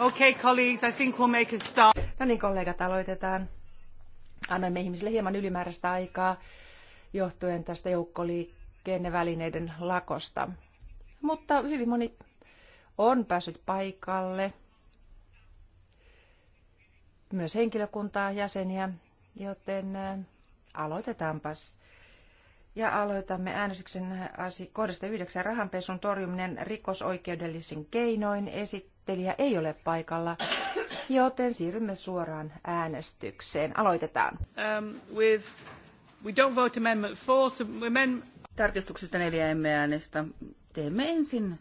Okay, colleagues, I think we'll make a start. No niin, kollegat, aloitetaan. Annamme ihmisille hieman ylimääräistä aikaa johtuen tästä joukkoliikennevälineiden lakosta. Mutta hyvin moni on päässyt paikalle. Myös henkilökuntaa, jäseniä, joten äh, aloitetaanpas. Ja aloitamme äänestyksen asi kohdasta yhdeksän rahanpesun torjuminen rikosoikeudellisin keinoin. Esittää esittelijä ei ole paikalla, joten siirrymme suoraan äänestykseen. Aloitetaan. Um, with, we don't vote amendment four, so men... Tarkistuksesta neljä emme äänestä. Teemme ensin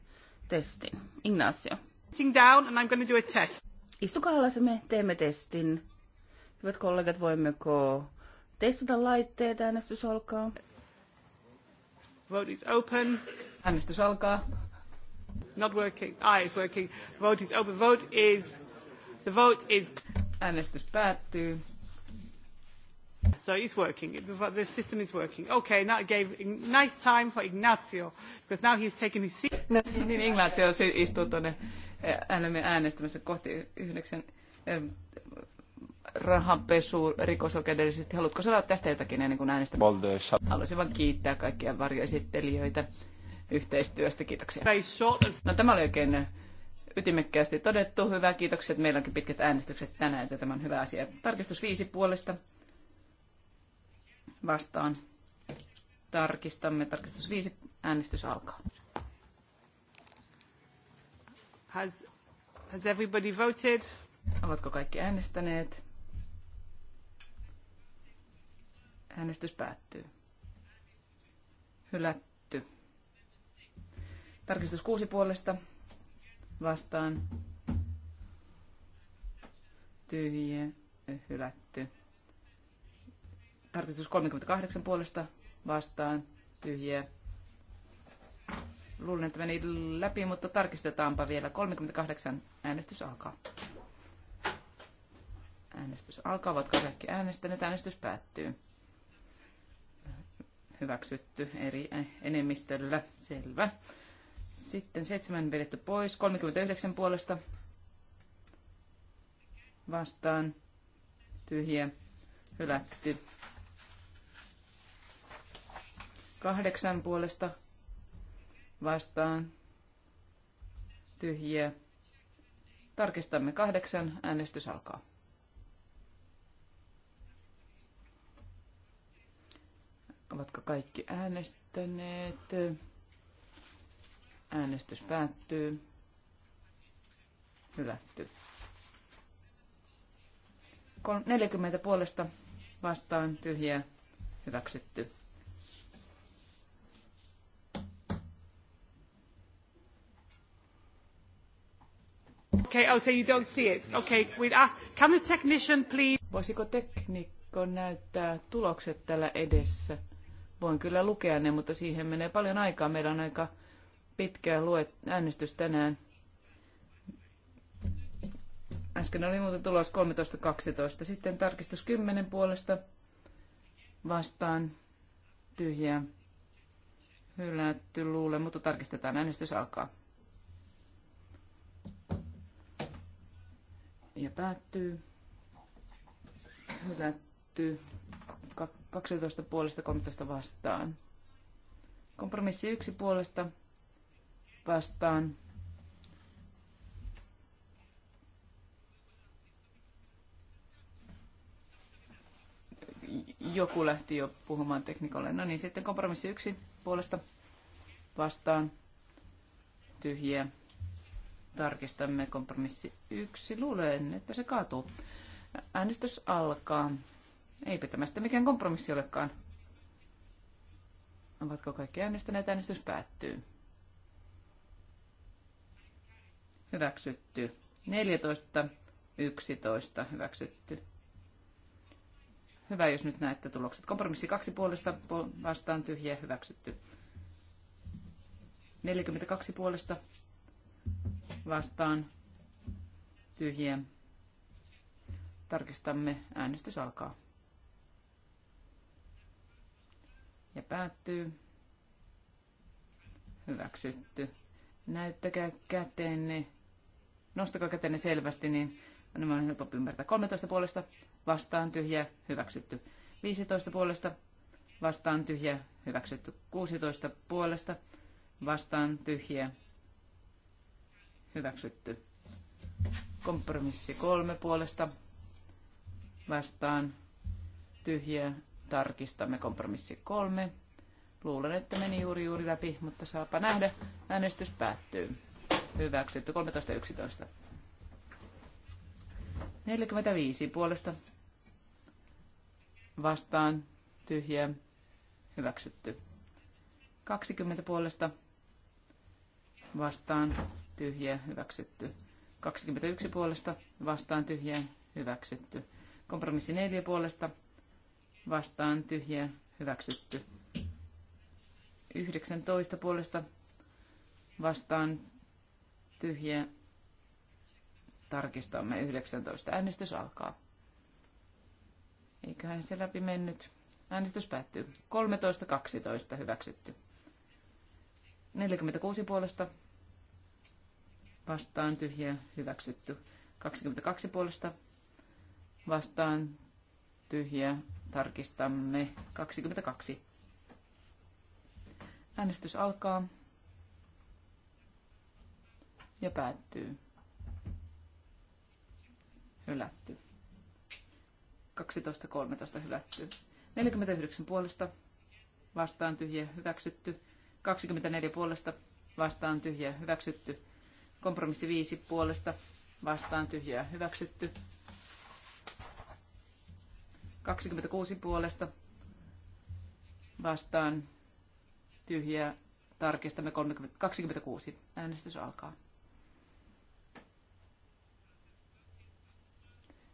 testin. Ignacio. Sitting down and I'm going to do a test. Istukaa alas me teemme testin. Hyvät kollegat, voimmeko testata laitteet? Äänestys alkaa. Vote is open. Äänestys alkaa. Not working. Ah, it's working. Vote is open. Vote is... The vote is... Äänestys päättyy. So it's working. The system is working. Okay, now I gave nice time for Ignacio, because now he's taking his seat. No, niin Ignacio istuu tuonne äänestämässä kohti yhdeksän rahanpesu rikosoikeudellisesti. Haluatko sanoa tästä jotakin ennen kuin äänestämme? Haluaisin vain kiittää kaikkia varjoesittelijöitä yhteistyöstä. Kiitoksia. No, tämä oli oikein ytimekkäästi todettu. Hyvä, kiitoksia, että meillä onkin pitkät äänestykset tänään, että tämä on hyvä asia. Tarkistus viisi puolesta vastaan. Tarkistamme. Tarkistus viisi. Äänestys alkaa. Has, has everybody voted? Ovatko kaikki äänestäneet? Äänestys päättyy. Hylätty Tarkistus kuusi puolesta vastaan. tyhjä hylätty. Tarkistus 38 puolesta vastaan. tyhjä. Luulen, että meni läpi, mutta tarkistetaanpa vielä. 38 äänestys alkaa. Äänestys alkaa, ovatko kaikki äänestäneet? Äänestys päättyy. Hyväksytty eri enemmistöllä. Selvä. Sitten seitsemän vedetty pois. 39 puolesta vastaan. Tyhjä. Hylätty. kahdeksan puolesta vastaan. Tyhjä. Tarkistamme kahdeksan. Äänestys alkaa. Ovatko kaikki äänestäneet? Äänestys päättyy. Hylätty. 40 puolesta vastaan tyhjää hyväksytty. Okay, oh, so you don't see it. Okay, we'd ask, can the technician please... Voisiko teknikko näyttää tulokset tällä edessä? Voin kyllä lukea ne, mutta siihen menee paljon aikaa. Meillä on aika pitkä luet, äänestys tänään. Äsken oli muuten tulos 13.12. Sitten tarkistus 10 puolesta vastaan tyhjää hylätty luule, mutta tarkistetaan äänestys alkaa. Ja päättyy. Hylätty 12 puolesta 13 vastaan. Kompromissi yksi puolesta vastaan. Joku lähti jo puhumaan teknikolle. No niin, sitten kompromissi yksi puolesta vastaan. Tyhjiä. Tarkistamme kompromissi yksi. Luulen, että se kaatuu. Äänestys alkaa. Eipä tämä sitten mikään kompromissi olekaan. Ovatko kaikki äänestäneet? Äänestys päättyy. hyväksytty. 14, 11 hyväksytty. Hyvä, jos nyt näette tulokset. Kompromissi kaksi puolesta vastaan tyhjä hyväksytty. 42 puolesta vastaan tyhjiä. Tarkistamme. Äänestys alkaa. Ja päättyy. Hyväksytty. Näyttäkää käteenne Nostakaa kätenne selvästi, niin nämä on helpompi ymmärtää. 13 puolesta vastaan tyhjä hyväksytty. 15 puolesta vastaan tyhjä hyväksytty. 16 puolesta vastaan tyhjä hyväksytty. Kompromissi kolme puolesta vastaan tyhjä. Tarkistamme kompromissi kolme. Luulen, että meni juuri juuri läpi, mutta saapa nähdä. Äänestys päättyy hyväksytty. 13 11. 45 puolesta vastaan tyhjä hyväksytty. 20 puolesta vastaan tyhjä hyväksytty. 21 puolesta vastaan tyhjä hyväksytty. Kompromissi 4 puolesta vastaan tyhjä hyväksytty. 19 puolesta vastaan tyhjä. Tarkistamme 19. Äänestys alkaa. Eiköhän se läpi mennyt. Äänestys päättyy. 13.12 hyväksytty. 46 puolesta vastaan tyhjä hyväksytty. 22 puolesta vastaan tyhjä tarkistamme 22. Äänestys alkaa ja päättyy. Hylätty. 12.13 hylätty. 49 puolesta vastaan tyhjä hyväksytty. 24 puolesta vastaan tyhjä hyväksytty. Kompromissi 5 puolesta vastaan tyhjä hyväksytty. 26 puolesta vastaan tyhjä tarkistamme 30, 26. Äänestys alkaa.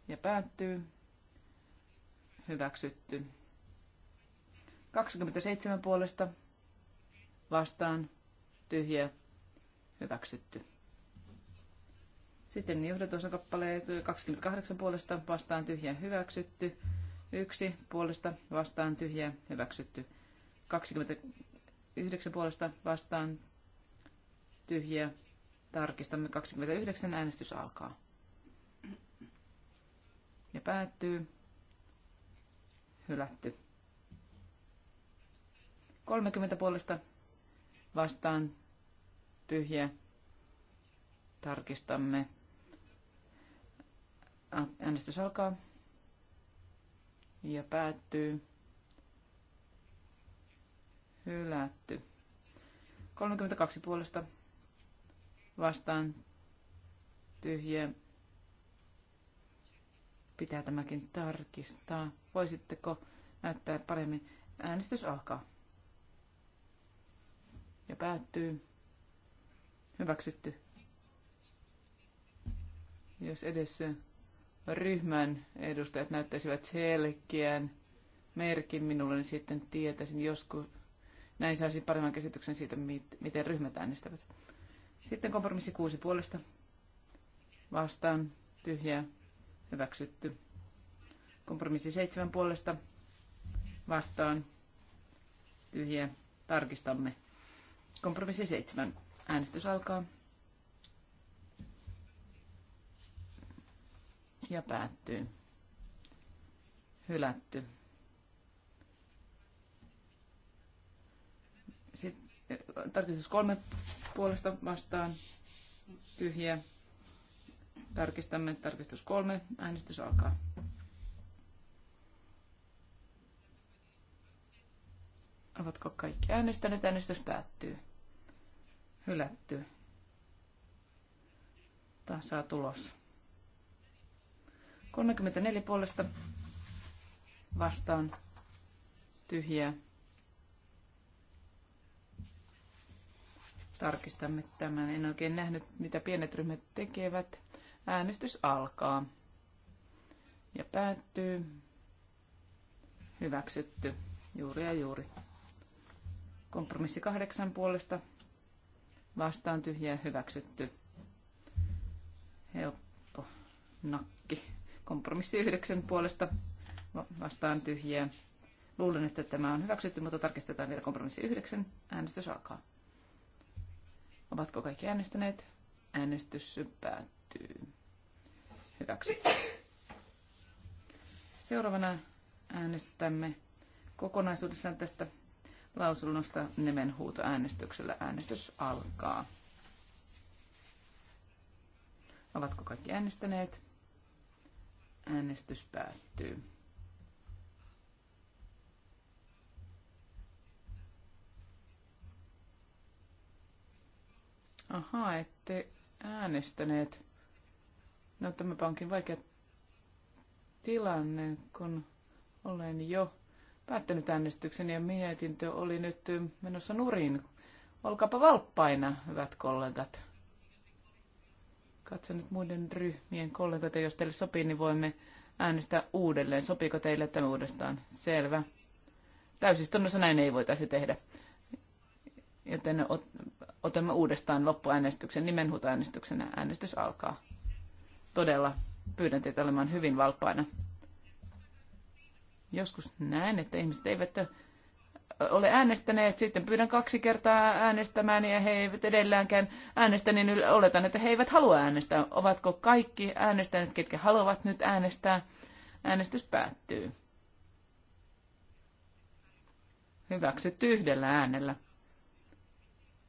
ja päättyy. Hyväksytty. 27 puolesta vastaan tyhjä hyväksytty. Sitten johdatuosan kappaleet 28 puolesta vastaan tyhjä hyväksytty. 1 puolesta vastaan tyhjä hyväksytty. 29 puolesta vastaan tyhjä. Tarkistamme 29 äänestys alkaa ja päättyy. Hylätty. 30 puolesta vastaan tyhjä. Tarkistamme. Äänestys alkaa ja päättyy. Hylätty. 32 puolesta vastaan tyhjä pitää tämäkin tarkistaa. Voisitteko näyttää paremmin? Äänestys alkaa. Ja päättyy. Hyväksytty. Jos edessä ryhmän edustajat näyttäisivät selkeän merkin minulle, niin sitten tietäisin joskus. Näin saisin paremman käsityksen siitä, miten ryhmät äänestävät. Sitten kompromissi kuusi puolesta. Vastaan. Tyhjää hyväksytty. Kompromissi seitsemän puolesta vastaan tyhjä. Tarkistamme. Kompromissi seitsemän. Äänestys alkaa. Ja päättyy. Hylätty. Sitten, tarkistus kolme puolesta vastaan. Tyhjä Tarkistamme. Tarkistus kolme. Äänestys alkaa. Ovatko kaikki äänestäneet? Äänestys päättyy. Hylätty. saa tulos. 34 puolesta vastaan tyhjää. Tarkistamme tämän. En oikein nähnyt, mitä pienet ryhmät tekevät. Äänestys alkaa ja päättyy. Hyväksytty juuri ja juuri. Kompromissi kahdeksan puolesta vastaan tyhjää hyväksytty. Helppo nakki. Kompromissi yhdeksän puolesta vastaan tyhjää. Luulen, että tämä on hyväksytty, mutta tarkistetaan vielä kompromissi yhdeksän. Äänestys alkaa. Ovatko kaikki äänestäneet? Äänestys päättyy. Hyväksytty. Seuraavana äänestämme kokonaisuudessaan tästä lausunnosta äänestyksellä. Äänestys alkaa. Ovatko kaikki äänestäneet? Äänestys päättyy. Ahaa, ette äänestäneet. No tämäpä onkin vaikea tilanne, kun olen jo päättänyt äänestyksen ja mietintö oli nyt menossa nurin. Olkaapa valppaina, hyvät kollegat. Katson nyt muiden ryhmien kollegoita, jos teille sopii, niin voimme äänestää uudelleen. Sopiiko teille tämä uudestaan? Selvä. Täysistunnossa näin ei voitaisi tehdä. Joten otamme uudestaan loppuäänestyksen, nimenhuutoäänestyksenä. Äänestys alkaa todella pyydän teitä olemaan hyvin valppaina. Joskus näen, että ihmiset eivät ole äänestäneet, sitten pyydän kaksi kertaa äänestämään ja he eivät edelläänkään äänestä, niin oletan, että he eivät halua äänestää. Ovatko kaikki äänestäneet, ketkä haluavat nyt äänestää? Äänestys päättyy. Hyväksytty yhdellä äänellä.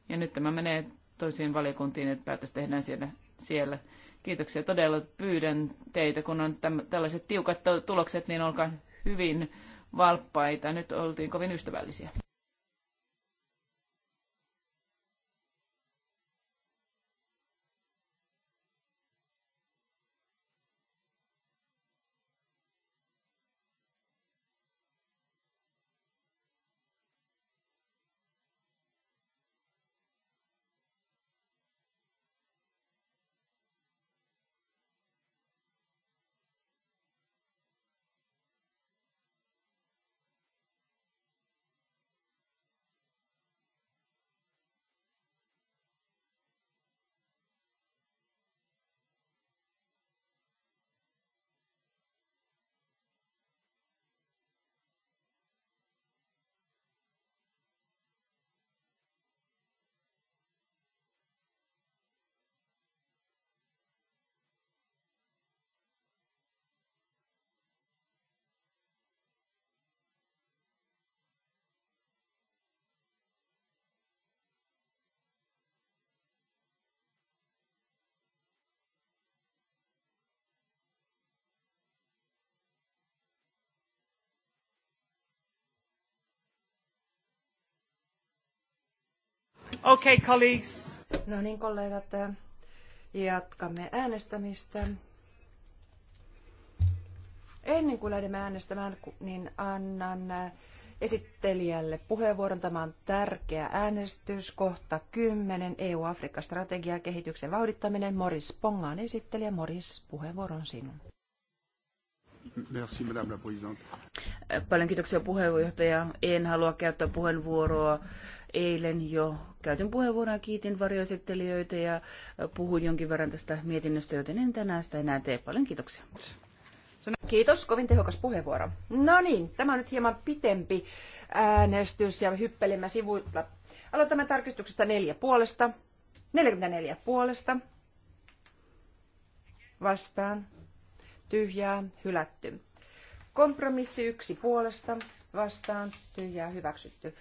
Ja nyt tämä menee toisiin valiokuntiin, että päätös tehdään siellä. siellä. Kiitoksia todella. Pyydän teitä, kun on täm- tällaiset tiukat tulokset, niin olkaa hyvin valppaita. Nyt oltiin kovin ystävällisiä. Okay, colleagues. No niin, kollegat, jatkamme äänestämistä. Ennen kuin lähdemme äänestämään, niin annan äh, esittelijälle puheenvuoron. Tämä on tärkeä äänestys. Kohta 10. EU-Afrikka-strategia kehityksen vauhdittaminen. Moris Pongaan esittelijä. Moris, puheenvuoron sinun. Merci, Madame la Présidente. Paljon kiitoksia puheenjohtaja. En halua käyttää puheenvuoroa. Eilen jo käytin puheenvuoroa, kiitin varjoesittelijöitä ja puhuin jonkin verran tästä mietinnöstä, joten en tänään sitä enää tee. Paljon kiitoksia. Kiitos, kovin tehokas puheenvuoro. No niin, tämä on nyt hieman pitempi äänestys ja hyppelimme sivuilla. Aloitamme tarkistuksesta neljä puolesta. 44 puolesta. Vastaan tyhjää, hylätty. Kompromissi yksi puolesta, vastaan, tyhjää, hyväksytty.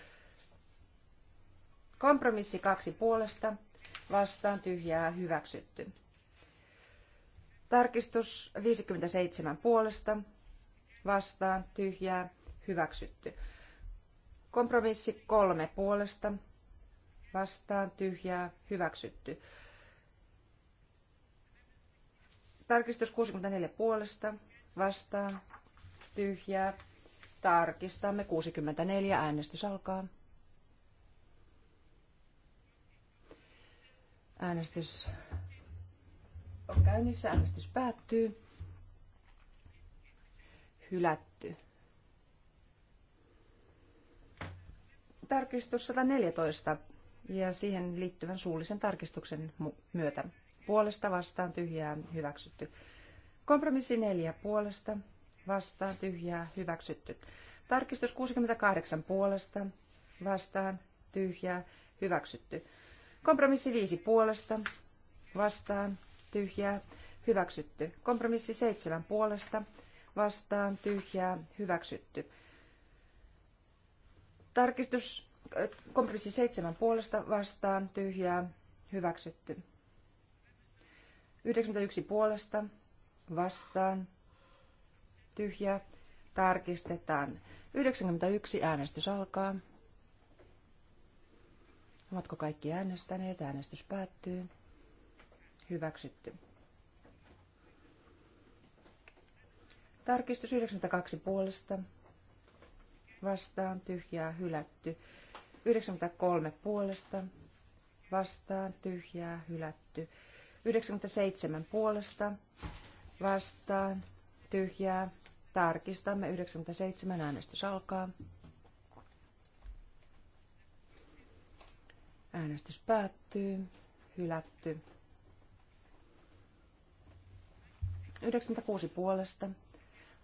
Kompromissi kaksi puolesta, vastaan, tyhjää, hyväksytty. Tarkistus 57 puolesta, vastaan, tyhjää, hyväksytty. Kompromissi kolme puolesta, vastaan, tyhjää, hyväksytty. Tarkistus 64 puolesta, vastaan, tyhjää. Tarkistamme 64, äänestys alkaa. Äänestys on käynnissä, äänestys päättyy. Hylätty. Tarkistus 114 ja siihen liittyvän suullisen tarkistuksen myötä puolesta vastaan tyhjää hyväksytty. Kompromissi 4 puolesta vastaan tyhjää hyväksytty. Tarkistus 68 puolesta vastaan tyhjää hyväksytty. Kompromissi 5 puolesta vastaan tyhjää hyväksytty. Kompromissi 7 puolesta vastaan tyhjää hyväksytty. Tarkistus äh, kompromissi 7 puolesta vastaan tyhjää hyväksytty. 91 puolesta vastaan tyhjä tarkistetaan. 91 äänestys alkaa. Ovatko kaikki äänestäneet? Äänestys päättyy. Hyväksytty. Tarkistus 92 puolesta. Vastaan tyhjää hylätty. 93 puolesta. Vastaan tyhjää hylätty. 97 puolesta vastaan tyhjää. Tarkistamme 97 äänestys alkaa. Äänestys päättyy. Hylätty. 96 puolesta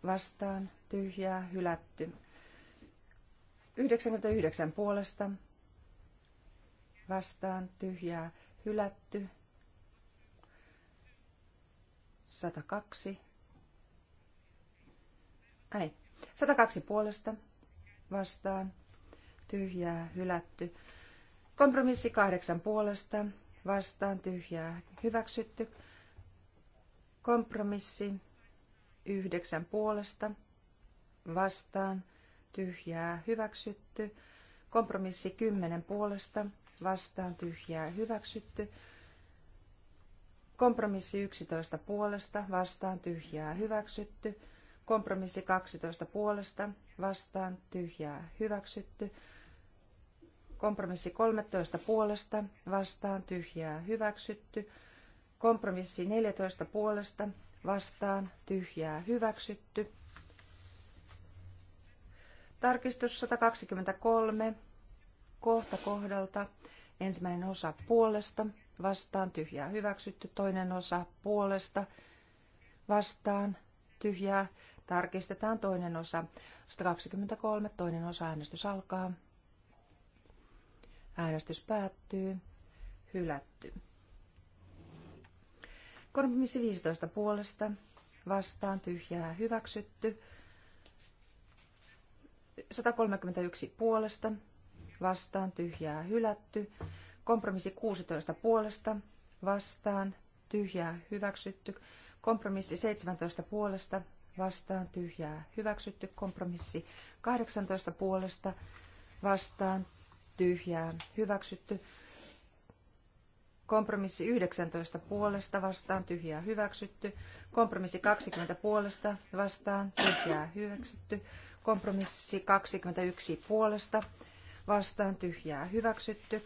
vastaan tyhjää hylätty. 99 puolesta vastaan tyhjää hylätty. 102. Ei. 102 puolesta vastaan. Tyhjää hylätty. Kompromissi 8 puolesta vastaan. Tyhjää hyväksytty. Kompromissi 9 puolesta vastaan. Tyhjää hyväksytty. Kompromissi 10 puolesta vastaan. Tyhjää hyväksytty. Kompromissi 11 puolesta vastaan tyhjää hyväksytty. Kompromissi 12 puolesta vastaan tyhjää hyväksytty. Kompromissi 13 puolesta vastaan tyhjää hyväksytty. Kompromissi 14 puolesta vastaan tyhjää hyväksytty. Tarkistus 123 kohta kohdalta ensimmäinen osa puolesta vastaan, tyhjää hyväksytty. Toinen osa puolesta vastaan, tyhjää. Tarkistetaan toinen osa. 123, toinen osa äänestys alkaa. Äänestys päättyy. Hylätty. Kompromissi 15 puolesta. Vastaan tyhjää hyväksytty. 131 puolesta. Vastaan tyhjää hylätty. Kompromissi 16 puolesta vastaan tyhjää hyväksytty. Kompromissi 17 puolesta vastaan tyhjää hyväksytty. Kompromissi 18 puolesta vastaan tyhjää hyväksytty. Kompromissi 19 puolesta vastaan tyhjää hyväksytty. Kompromissi 20 puolesta vastaan tyhjää hyväksytty. Kompromissi 21 puolesta vastaan tyhjää hyväksytty.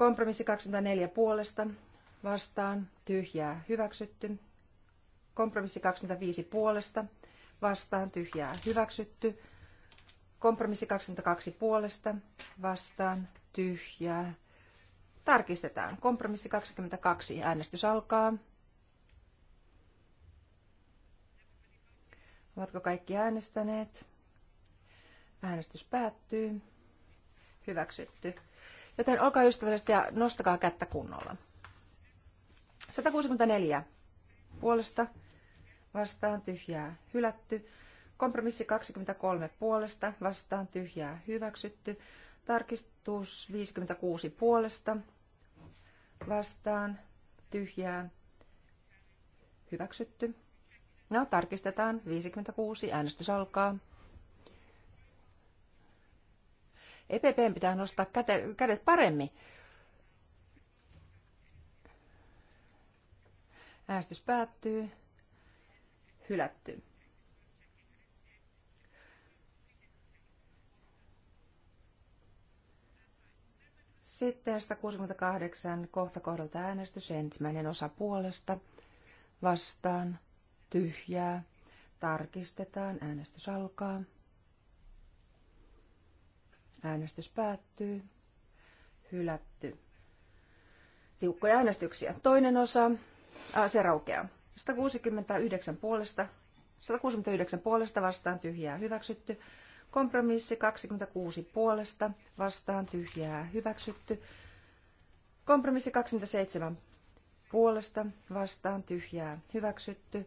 Kompromissi 24 puolesta vastaan tyhjää hyväksytty. Kompromissi 25 puolesta vastaan tyhjää hyväksytty. Kompromissi 22 puolesta vastaan tyhjää. Tarkistetaan. Kompromissi 22. Äänestys alkaa. Ovatko kaikki äänestäneet? Äänestys päättyy. Hyväksytty. Joten olkaa ystävällisesti ja nostakaa kättä kunnolla. 164 puolesta vastaan tyhjää hylätty. Kompromissi 23 puolesta vastaan tyhjää hyväksytty. Tarkistus 56 puolesta vastaan tyhjää hyväksytty. No, tarkistetaan. 56. Äänestys alkaa. EPPn pitää nostaa kädet paremmin. Äänestys päättyy. Hylätty. Sitten 168 kohta kohdalta äänestys ensimmäinen osa puolesta. Vastaan. Tyhjää. Tarkistetaan. Äänestys alkaa. Äänestys päättyy. Hylätty. Tiukkoja äänestyksiä. Toinen osa. Ää, ah, se raukeaa. 169 puolesta. 169 puolesta vastaan tyhjää hyväksytty. Kompromissi 26 puolesta vastaan tyhjää hyväksytty. Kompromissi 27 puolesta vastaan tyhjää hyväksytty.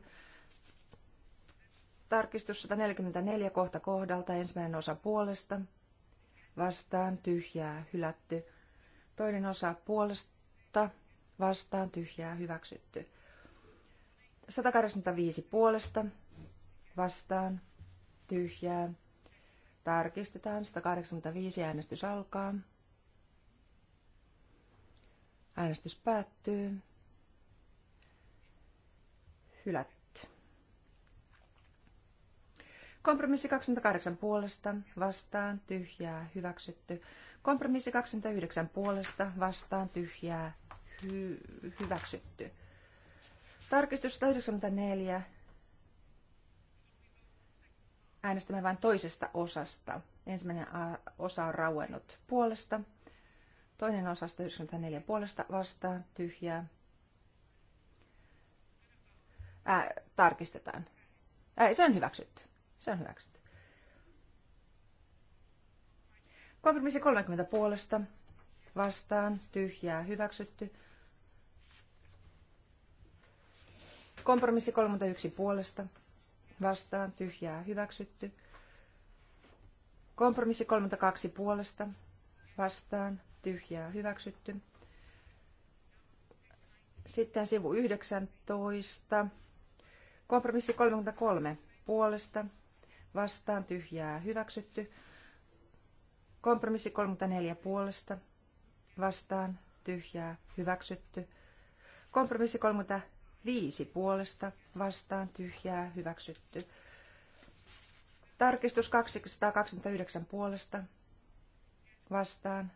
Tarkistus 144 kohta kohdalta ensimmäinen osa puolesta vastaan tyhjää hylätty. Toinen osa puolesta vastaan tyhjää hyväksytty. 185 puolesta vastaan tyhjää. Tarkistetaan. 185 äänestys alkaa. Äänestys päättyy. Hylätty. Kompromissi 28 puolesta, vastaan, tyhjää, hyväksytty. Kompromissi 29 puolesta, vastaan, tyhjää, hy- hyväksytty. Tarkistus 194. Äänestämme vain toisesta osasta. Ensimmäinen osa on rauennut puolesta. Toinen osa 194 puolesta vastaan, tyhjää. Ää, tarkistetaan. Ää, se on hyväksytty. Se Kompromissi 30 puolesta. Vastaan. Tyhjää. Hyväksytty. Kompromissi 31 puolesta. Vastaan. Tyhjää. Hyväksytty. Kompromissi 32 puolesta. Vastaan. Tyhjää. Hyväksytty. Sitten sivu 19. Kompromissi 33 puolesta vastaan tyhjää hyväksytty. Kompromissi 34 puolesta vastaan tyhjää hyväksytty. Kompromissi 35 puolesta vastaan tyhjää hyväksytty. Tarkistus 229 puolesta vastaan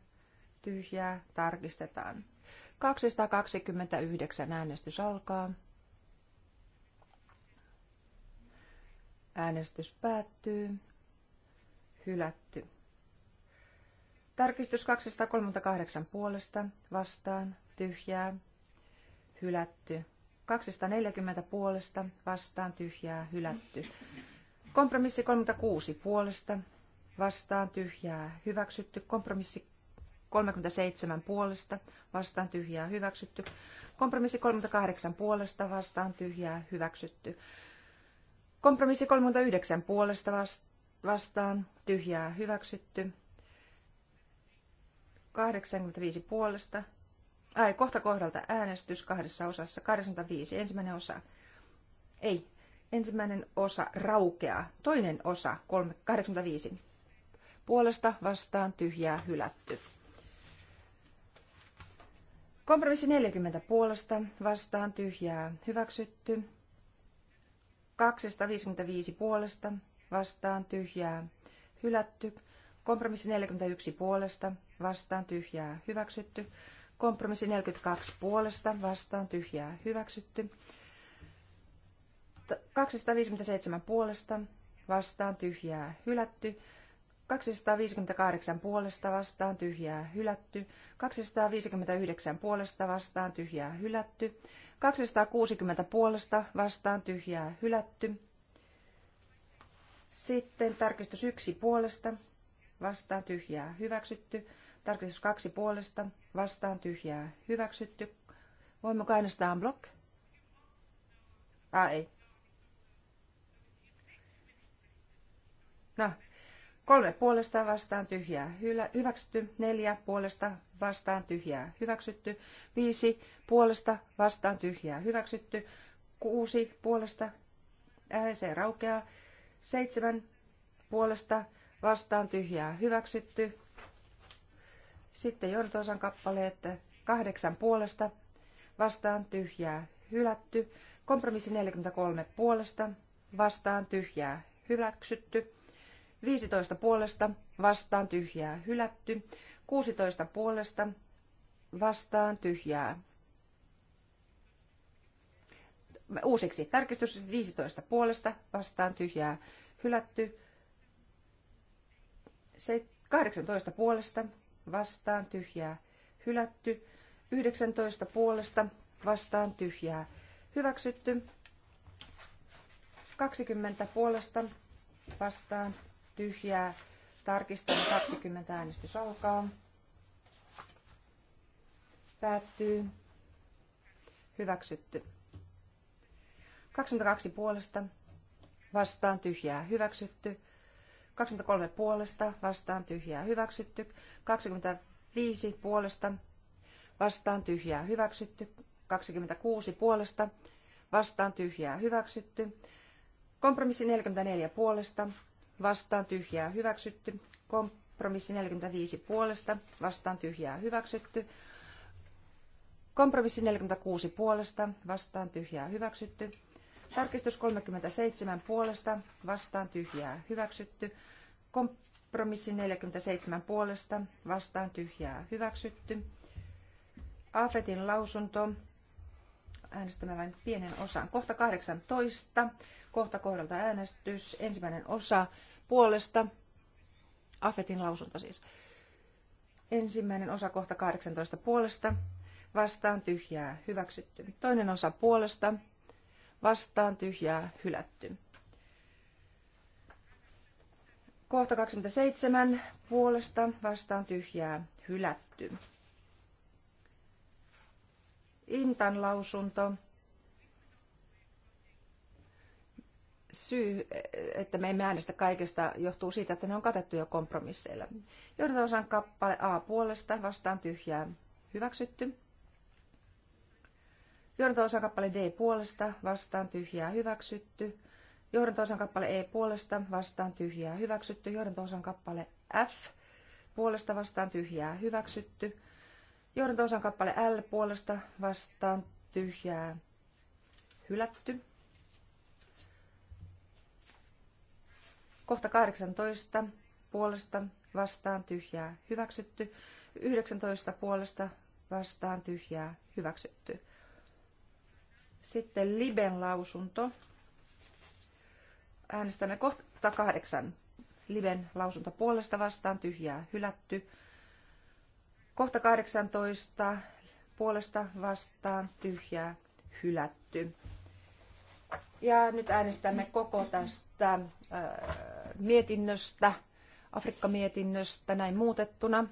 tyhjää tarkistetaan. 229 äänestys alkaa. Äänestys päättyy. Hylätty. Tarkistus 238 puolesta, vastaan, tyhjää, hylätty. 240 puolesta, vastaan, tyhjää, hylätty. Kompromissi 36 puolesta, vastaan, tyhjää, hyväksytty. Kompromissi 37 puolesta, vastaan tyhjää hyväksytty. Kompromissi 38 puolesta, vastaan tyhjää hyväksytty. Kompromissi 39 puolesta vastaan, tyhjää hyväksytty. 85 puolesta, ai kohta kohdalta äänestys kahdessa osassa, 85 ensimmäinen osa, ei, ensimmäinen osa raukeaa, toinen osa 85 puolesta vastaan tyhjää hylätty. Kompromissi 40 puolesta vastaan tyhjää hyväksytty. 255 puolesta vastaan tyhjää hylätty. Kompromissi 41 puolesta vastaan tyhjää hyväksytty. Kompromissi 42 puolesta vastaan tyhjää hyväksytty. 257 puolesta vastaan tyhjää hylätty. 258 puolesta vastaan tyhjää hylätty. 259 puolesta vastaan tyhjää hylätty. 260 puolesta vastaan tyhjää hylätty. Sitten tarkistus 1 puolesta vastaan tyhjää hyväksytty. Tarkistus 2 puolesta vastaan tyhjää hyväksytty. Voimme äänestää unblock? Ah, ei. No, Kolme puolesta vastaan tyhjää hyväksytty. Neljä puolesta vastaan tyhjää hyväksytty. Viisi puolesta vastaan tyhjää hyväksytty. Kuusi puolesta ää, se raukeaa. Seitsemän puolesta vastaan tyhjää hyväksytty. Sitten Jortosan kappaleet kahdeksan puolesta vastaan tyhjää hylätty. Kompromissi 43 puolesta vastaan tyhjää hyväksytty. 15 puolesta vastaan tyhjää hylätty. 16 puolesta vastaan tyhjää. Uusiksi tarkistus 15 puolesta vastaan tyhjää hylätty. 18 puolesta vastaan tyhjää hylätty. 19 puolesta vastaan tyhjää hyväksytty. 20 puolesta vastaan tyhjää. Tarkistan 20 äänestys alkaa. Päättyy. Hyväksytty. 22 puolesta vastaan tyhjää hyväksytty. 23 puolesta vastaan tyhjää hyväksytty. 25 puolesta vastaan tyhjää hyväksytty. 26 puolesta vastaan tyhjää hyväksytty. Kompromissi 44 puolesta vastaan tyhjää hyväksytty. Kompromissi 45 puolesta vastaan tyhjää hyväksytty. Kompromissi 46 puolesta vastaan tyhjää hyväksytty. Tarkistus 37 puolesta vastaan tyhjää hyväksytty. Kompromissi 47 puolesta vastaan tyhjää hyväksytty. Afetin lausunto äänestämme vain pienen osan. Kohta 18, kohta kohdalta äänestys, ensimmäinen osa puolesta, Afetin lausunto siis. Ensimmäinen osa kohta 18 puolesta, vastaan tyhjää, hyväksytty. Toinen osa puolesta, vastaan tyhjää, hylätty. Kohta 27 puolesta, vastaan tyhjää, hylätty. Intan lausunto. Syy, että me emme äänestä kaikesta, johtuu siitä, että ne on katettu jo kompromisseilla. Johdantosan kappale A puolesta vastaan tyhjää hyväksytty. Johdanto-osan kappale D puolesta, vastaan tyhjää hyväksytty. Johdanto-osan kappale E puolesta, vastaan tyhjää hyväksytty. Johdanto-osan kappale F puolesta, vastaan tyhjää hyväksytty. Johdanto-osan kappale L puolesta vastaan tyhjää hylätty. Kohta 18 puolesta vastaan tyhjää hyväksytty. 19 puolesta vastaan tyhjää hyväksytty. Sitten Liben lausunto. Äänestämme kohta kahdeksan. Liben lausunto puolesta vastaan tyhjää hylätty. Kohta 18 puolesta vastaan tyhjää hylätty. Ja nyt äänestämme koko tästä äh, mietinnöstä, Afrikka-mietinnöstä näin muutettuna.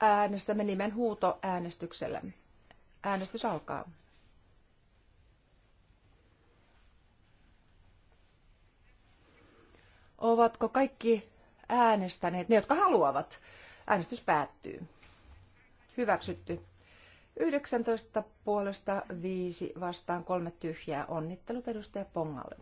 Äänestämme nimen huuto äänestyksellä. Äänestys alkaa. Ovatko kaikki äänestäneet. Ne, jotka haluavat. Äänestys päättyy. Hyväksytty. 19 puolesta 5 vastaan kolme tyhjää. Onnittelut edustaja Pongalle.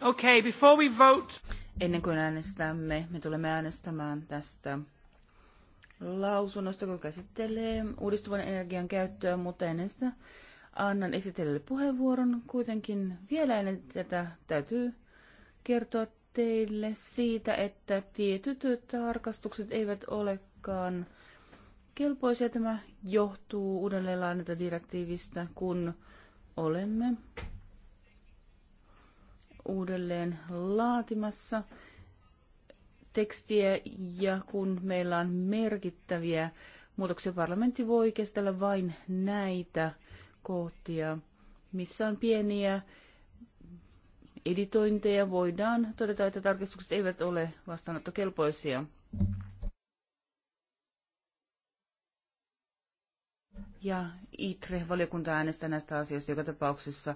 Okay, before we vote. Ennen kuin äänestämme, me tulemme äänestämään tästä lausunnosta, joka käsittelee uudistuvan energian käyttöä, mutta ennen sitä annan esitellelle puheenvuoron. Kuitenkin vielä ennen tätä täytyy kertoa teille siitä, että tietyt tarkastukset eivät olekaan kelpoisia. Tämä johtuu uudelleen direktiivistä, kun olemme uudelleen laatimassa tekstiä ja kun meillä on merkittäviä muutoksia, parlamentti voi kestellä vain näitä kohtia, missä on pieniä editointeja. Voidaan todeta, että tarkistukset eivät ole vastaanottokelpoisia. ja ITRE-valiokunta äänestää näistä asioista joka tapauksessa.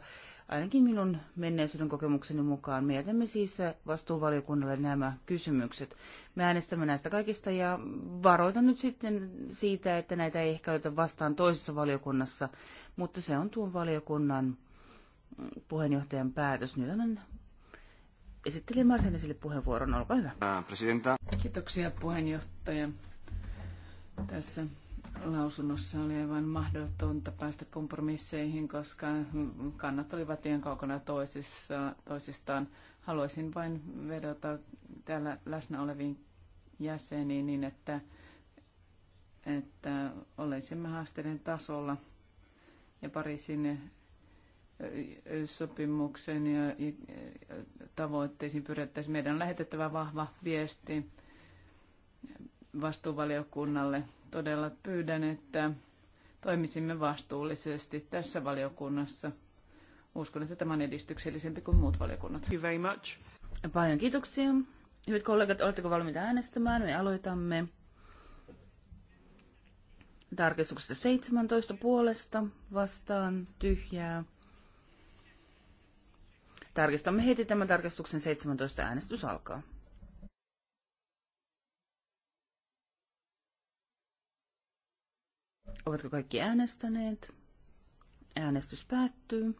Ainakin minun menneisyyden kokemukseni mukaan me jätämme siis vastuuvaliokunnalle nämä kysymykset. Me äänestämme näistä kaikista ja varoitan nyt sitten siitä, että näitä ei ehkä oteta vastaan toisessa valiokunnassa, mutta se on tuon valiokunnan puheenjohtajan päätös. Nyt annan esittelee Marsenisille puheenvuoron. Olkaa hyvä. Presidenta. Kiitoksia puheenjohtaja. Tässä lausunnossa oli aivan mahdotonta päästä kompromisseihin, koska kannat olivat ihan kaukana toisissa, toisistaan. Haluaisin vain vedota täällä läsnä oleviin jäseniin niin, että, että olisimme haasteiden tasolla ja Pariisin sopimuksen ja tavoitteisiin pyrittäisiin. Meidän on lähetettävä vahva viesti vastuuvaliokunnalle – Todella pyydän, että toimisimme vastuullisesti tässä valiokunnassa. Uskon, että tämä on edistyksellisempi kuin muut valiokunnat. Thank you very much. Paljon kiitoksia. Hyvät kollegat, oletteko valmiita äänestämään? Me aloitamme tarkistuksesta 17 puolesta vastaan tyhjää. Tarkistamme heti tämän tarkistuksen 17 äänestys alkaa. Ovatko kaikki äänestäneet? Äänestys päättyy.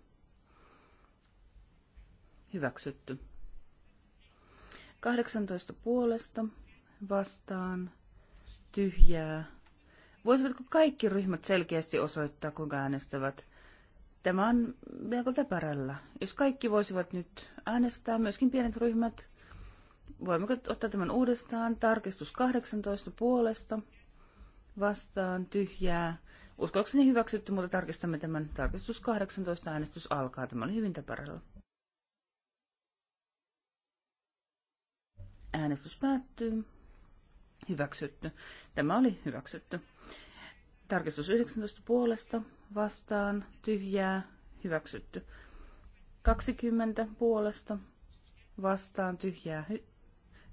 Hyväksytty. 18 puolesta vastaan tyhjää. Voisivatko kaikki ryhmät selkeästi osoittaa, kuinka äänestävät? Tämä on melko täpärällä. Jos kaikki voisivat nyt äänestää, myöskin pienet ryhmät, voimmeko ottaa tämän uudestaan? Tarkistus 18 puolesta vastaan tyhjää. Uskoakseni hyväksytty, mutta tarkistamme tämän. Tarkistus 18 äänestys alkaa. Tämä oli hyvin täpärällä. Äänestys päättyy. Hyväksytty. Tämä oli hyväksytty. Tarkistus 19 puolesta vastaan tyhjää. Hyväksytty. 20 puolesta vastaan tyhjää hy-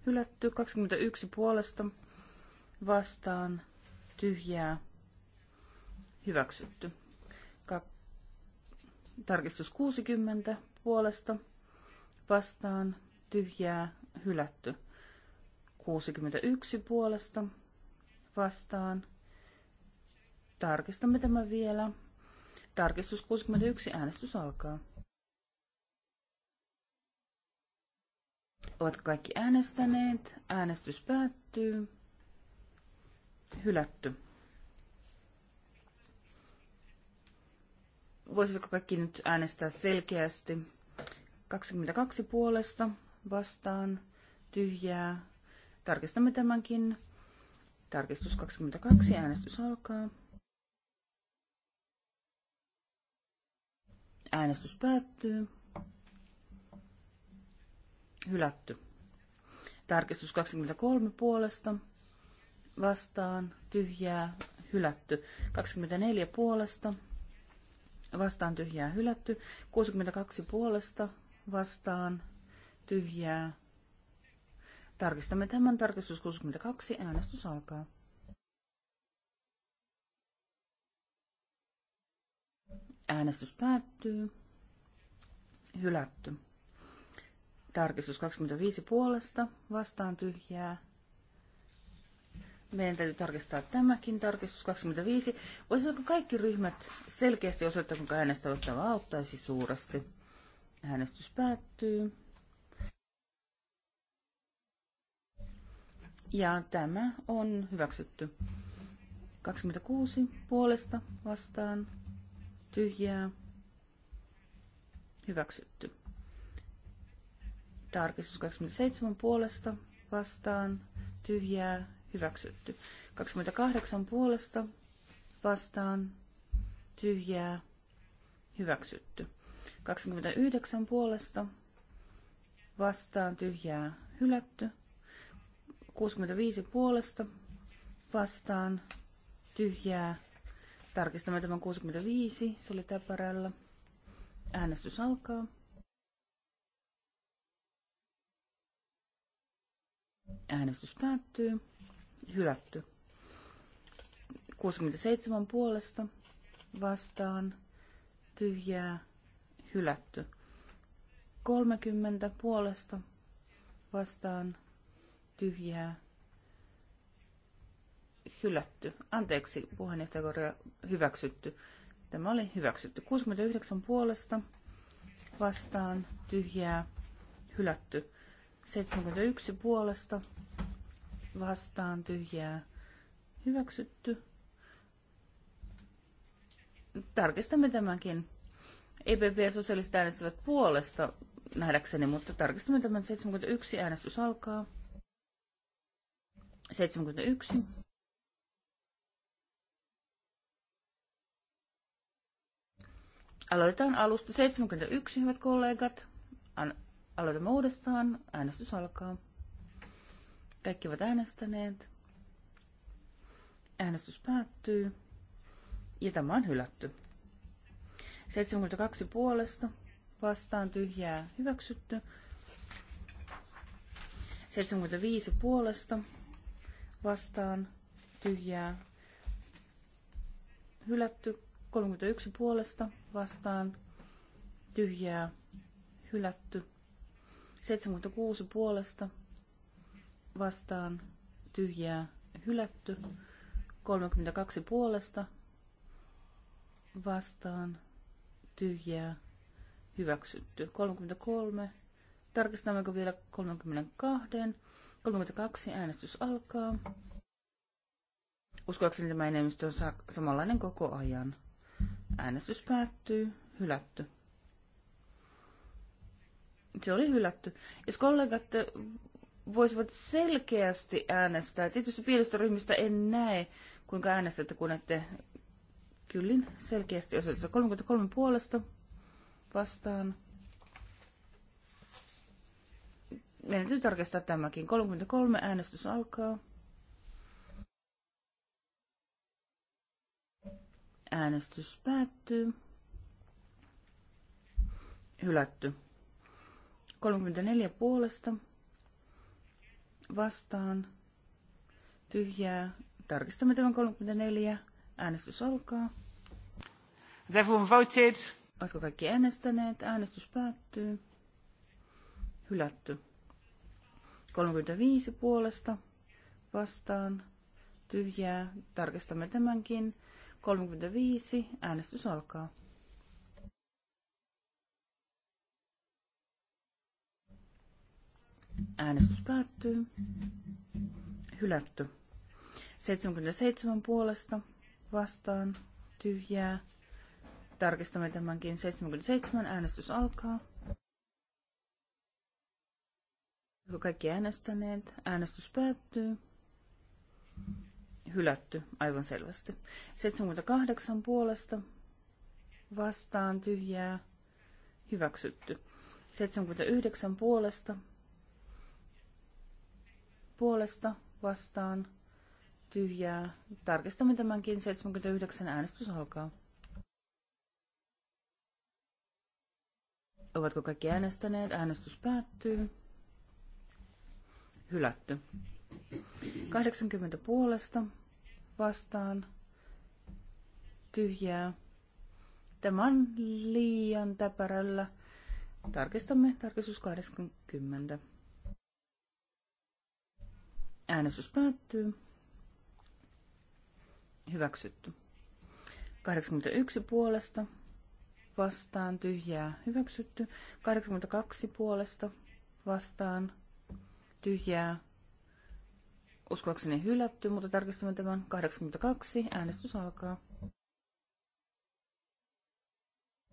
hylätty. 21 puolesta vastaan tyhjää hyväksytty. Tarkistus 60 puolesta vastaan tyhjää hylätty. 61 puolesta vastaan. Tarkistamme tämä vielä. Tarkistus 61, äänestys alkaa. Ovatko kaikki äänestäneet? Äänestys päättyy hylätty. Voisiko kaikki nyt äänestää selkeästi? 22 puolesta vastaan tyhjää. Tarkistamme tämänkin. Tarkistus 22, äänestys alkaa. Äänestys päättyy. Hylätty. Tarkistus 23 puolesta vastaan tyhjää hylätty. 24 puolesta vastaan tyhjää hylätty. 62 puolesta vastaan tyhjää. Tarkistamme tämän. Tarkistus 62. Äänestys alkaa. Äänestys päättyy. Hylätty. Tarkistus 25 puolesta vastaan tyhjää meidän täytyy tarkistaa tämäkin tarkistus 25. Voisivatko kaikki ryhmät selkeästi osoittaa, kuinka äänestävät tämä auttaisi suuresti? Äänestys päättyy. Ja tämä on hyväksytty. 26 puolesta vastaan tyhjää hyväksytty. Tarkistus 27 puolesta vastaan tyhjää hyväksytty. 28 puolesta vastaan tyhjää hyväksytty. 29 puolesta vastaan tyhjää hylätty. 65 puolesta vastaan tyhjää. Tarkistamme tämän 65, se oli täpärällä. Äänestys alkaa. Äänestys päättyy hylätty. 67 puolesta vastaan tyhjää hylätty. 30 puolesta vastaan tyhjää hylätty. Anteeksi, puheenjohtajakorja hyväksytty. Tämä oli hyväksytty. 69 puolesta vastaan tyhjää hylätty. 71 puolesta vastaan tyhjää hyväksytty. Tarkistamme tämänkin. EPP ja sosiaaliset äänestävät puolesta nähdäkseni, mutta tarkistamme tämän 71. Äänestys alkaa. 71. Aloitetaan alusta 71, hyvät kollegat. aloitamme uudestaan. Äänestys alkaa. Kaikki ovat äänestäneet. Äänestys päättyy. Ja tämä on hylätty. 72 puolesta vastaan tyhjää hyväksytty. 75 puolesta vastaan tyhjää hylätty. 31 puolesta vastaan tyhjää hylätty. 76 puolesta vastaan tyhjää hylätty. 32 puolesta vastaan tyhjää hyväksytty. 33. Tarkistammeko vielä 32? 32 äänestys alkaa. Uskoakseni tämä enemmistö on samanlainen koko ajan. Äänestys päättyy. Hylätty. Se oli hylätty. Jos kollegat voisivat selkeästi äänestää. Tietysti pienistä ryhmistä en näe, kuinka äänestätte, kun ette kyllin selkeästi osoitetta. 33 puolesta vastaan. Meidän täytyy tarkistaa tämäkin. 33 äänestys alkaa. Äänestys päättyy. Hylätty. 34 puolesta vastaan tyhjää. Tarkistamme tämän 34. Äänestys alkaa. everyone voted? Oletko kaikki äänestäneet? Äänestys päättyy. Hylätty. 35 puolesta vastaan tyhjää. Tarkistamme tämänkin. 35. Äänestys alkaa. Äänestys päättyy. Hylätty. 77 puolesta vastaan tyhjää. Tarkistamme tämänkin. 77 äänestys alkaa. Oletko kaikki äänestäneet? Äänestys päättyy. Hylätty, aivan selvästi. 78 puolesta vastaan tyhjää. Hyväksytty. 79 puolesta puolesta vastaan tyhjää. Tarkistamme tämänkin. 79 äänestys alkaa. Ovatko kaikki äänestäneet? Äänestys päättyy. Hylätty. 80 puolesta vastaan tyhjää. Tämä on liian täpärällä. Tarkistamme tarkistus 80. Äänestys päättyy. Hyväksytty. 81 puolesta vastaan tyhjää hyväksytty. 82 puolesta vastaan tyhjää uskoakseni hylätty, mutta tarkistamme tämän 82. Äänestys alkaa.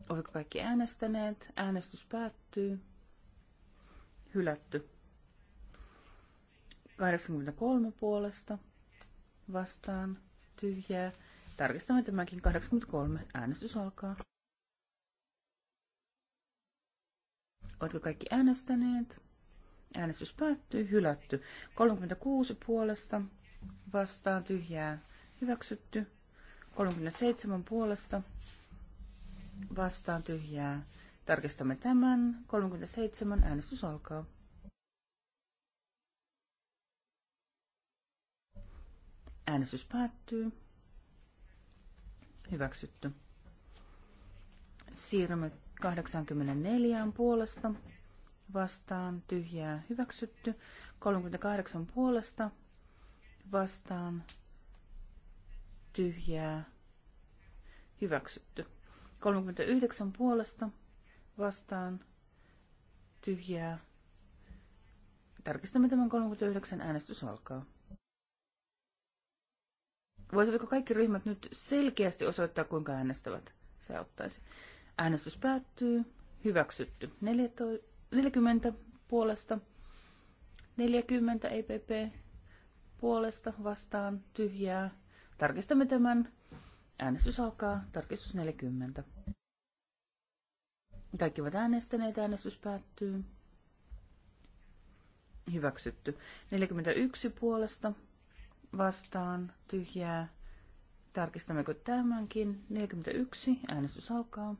Oliko kaikki äänestäneet? Äänestys päättyy. Hylätty. 83 puolesta vastaan tyhjää. Tarkistamme tämäkin 83. Äänestys alkaa. Oletko kaikki äänestäneet? Äänestys päättyy, hylätty. 36 puolesta vastaan tyhjää, hyväksytty. 37 puolesta vastaan tyhjää. Tarkistamme tämän. 37 äänestys alkaa. Äänestys päättyy. Hyväksytty. Siirrymme 84 puolesta. Vastaan tyhjää hyväksytty. 38 puolesta. Vastaan tyhjää hyväksytty. 39 puolesta. Vastaan tyhjää. Tarkistamme tämän 39 äänestys alkaa. Voisivatko kaikki ryhmät nyt selkeästi osoittaa, kuinka äänestävät? Se auttaisi. Äänestys päättyy. Hyväksytty. 40 puolesta. 40 EPP puolesta vastaan tyhjää. Tarkistamme tämän. Äänestys alkaa. Tarkistus 40. Kaikki ovat äänestäneet. Äänestys päättyy. Hyväksytty. 41 puolesta vastaan tyhjää. Tarkistammeko tämänkin? 41. Äänestys alkaa.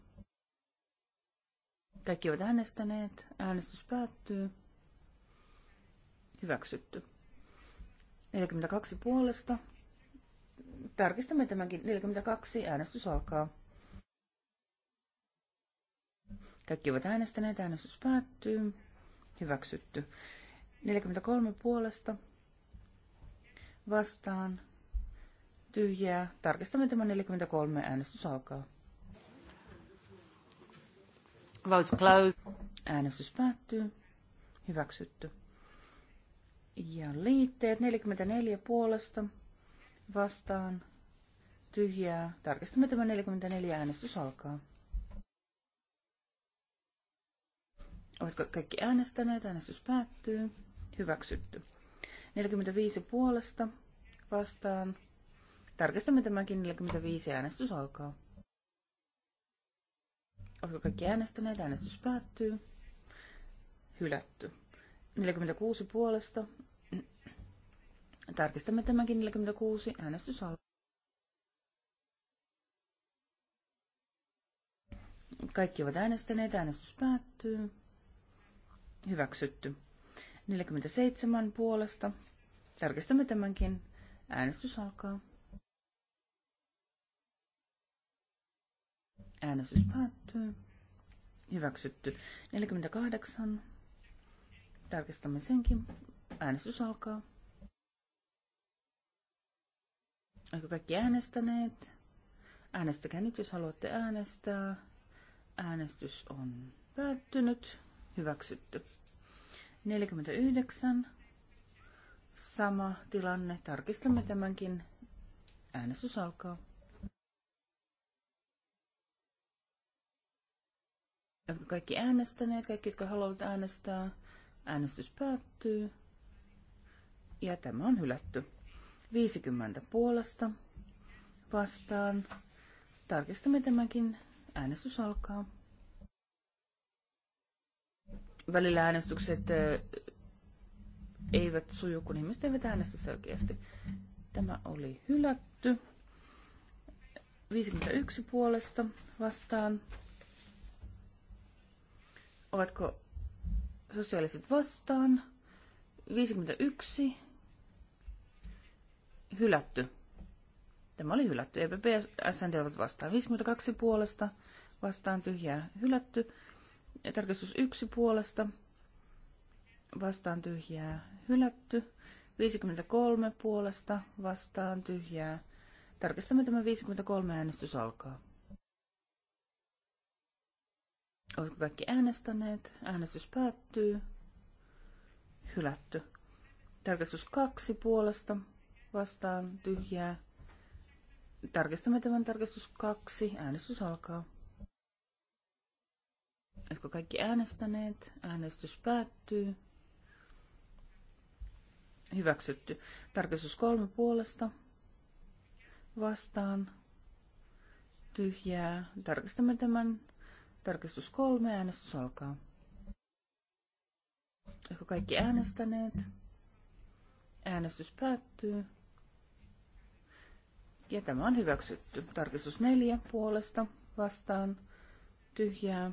Kaikki ovat äänestäneet. Äänestys päättyy. Hyväksytty. 42 puolesta. Tarkistamme tämänkin. 42. Äänestys alkaa. Kaikki ovat äänestäneet. Äänestys päättyy. Hyväksytty. 43 puolesta vastaan tyhjää. Tarkistamme tämän 43. Äänestys alkaa. Vote closed. Äänestys päättyy. Hyväksytty. Ja liitteet 44 puolesta vastaan tyhjää. Tarkistamme tämän 44. Äänestys alkaa. Oletko kaikki äänestäneet? Äänestys päättyy. Hyväksytty. 45 puolesta vastaan. Tarkistamme tämänkin 45 äänestys alkaa. Oletko kaikki äänestäneet? Äänestys päättyy. Hylätty. 46 puolesta. Tarkistamme tämänkin 46. Äänestys alkaa. Kaikki ovat äänestäneet. Äänestys päättyy. Hyväksytty. 47 puolesta. Tarkistamme tämänkin. Äänestys alkaa. Äänestys päättyy. Hyväksytty. 48. Tarkistamme senkin. Äänestys alkaa. Oliko kaikki äänestäneet? Äänestäkää nyt, jos haluatte äänestää. Äänestys on päättynyt. Hyväksytty. 49. Sama tilanne. Tarkistamme tämänkin. Äänestys alkaa. kaikki äänestäneet? Kaikki, jotka haluavat äänestää. Äänestys päättyy. Ja tämä on hylätty. 50 puolesta vastaan. Tarkistamme tämänkin. Äänestys alkaa välillä äänestykset eivät suju, kun ihmiset eivät äänestä selkeästi. Tämä oli hylätty. 51 puolesta vastaan. Ovatko sosiaaliset vastaan? 51 hylätty. Tämä oli hylätty. EPP ja SND ovat vastaan 52 puolesta, vastaan tyhjää hylätty. Tarkastus yksi puolesta. Vastaan tyhjää hylätty. 53 puolesta vastaan tyhjää. Tarkistamme tämä 53 äänestys alkaa. Oletko kaikki äänestäneet? Äänestys päättyy. Hylätty. Tarkistus kaksi puolesta vastaan tyhjää. Tarkistamme tämän tarkistus kaksi. Äänestys alkaa. Oletko kaikki äänestäneet? Äänestys päättyy. Hyväksytty. Tarkistus kolme puolesta. Vastaan. Tyhjää. Tarkistamme tämän. Tarkistus kolme. Äänestys alkaa. Oletko kaikki äänestäneet? Äänestys päättyy. Ja tämä on hyväksytty. Tarkistus neljä puolesta vastaan tyhjää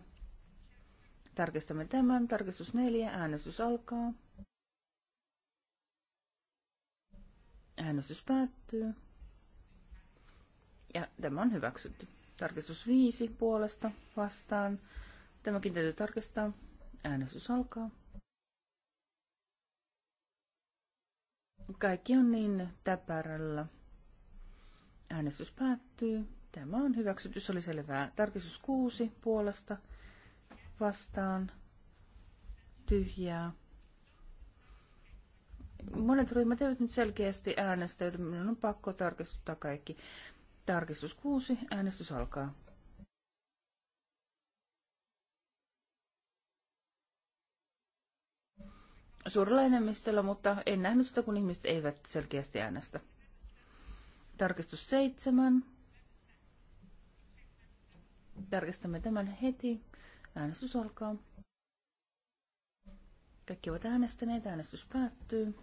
Tarkistamme tämän. Tarkistus 4. Äänestys alkaa. Äänestys päättyy. Ja tämä on hyväksytty. Tarkistus 5 puolesta vastaan. Tämäkin täytyy tarkistaa. Äänestys alkaa. Kaikki on niin täpärällä. Äänestys päättyy. Tämä on hyväksytys, oli selvää. Tarkistus 6 puolesta vastaan tyhjää. Monet ryhmät eivät nyt selkeästi äänestä, joten minun on pakko tarkistuttaa kaikki. Tarkistus 6. Äänestys alkaa. Suurella enemmistöllä, mutta en nähnyt sitä, kun ihmiset eivät selkeästi äänestä. Tarkistus 7. Tarkistamme tämän heti. Äänestys alkaa. Kaikki ovat äänestäneet. Äänestys päättyy.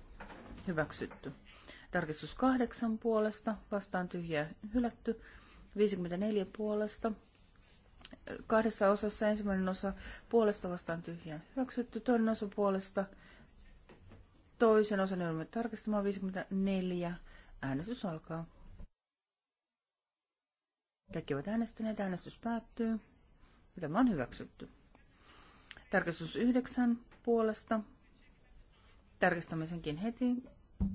Hyväksytty. Tarkistus kahdeksan puolesta. Vastaan tyhjä hylätty. 54 puolesta. Kahdessa osassa ensimmäinen osa puolesta vastaan tyhjä hyväksytty. Toinen osa puolesta. Toisen osan joudumme tarkistamaan 54. Äänestys alkaa. Kaikki ovat äänestäneet. Äänestys päättyy. Tämä on hyväksytty. Tarkistus yhdeksän puolesta. Tarkistamme senkin heti.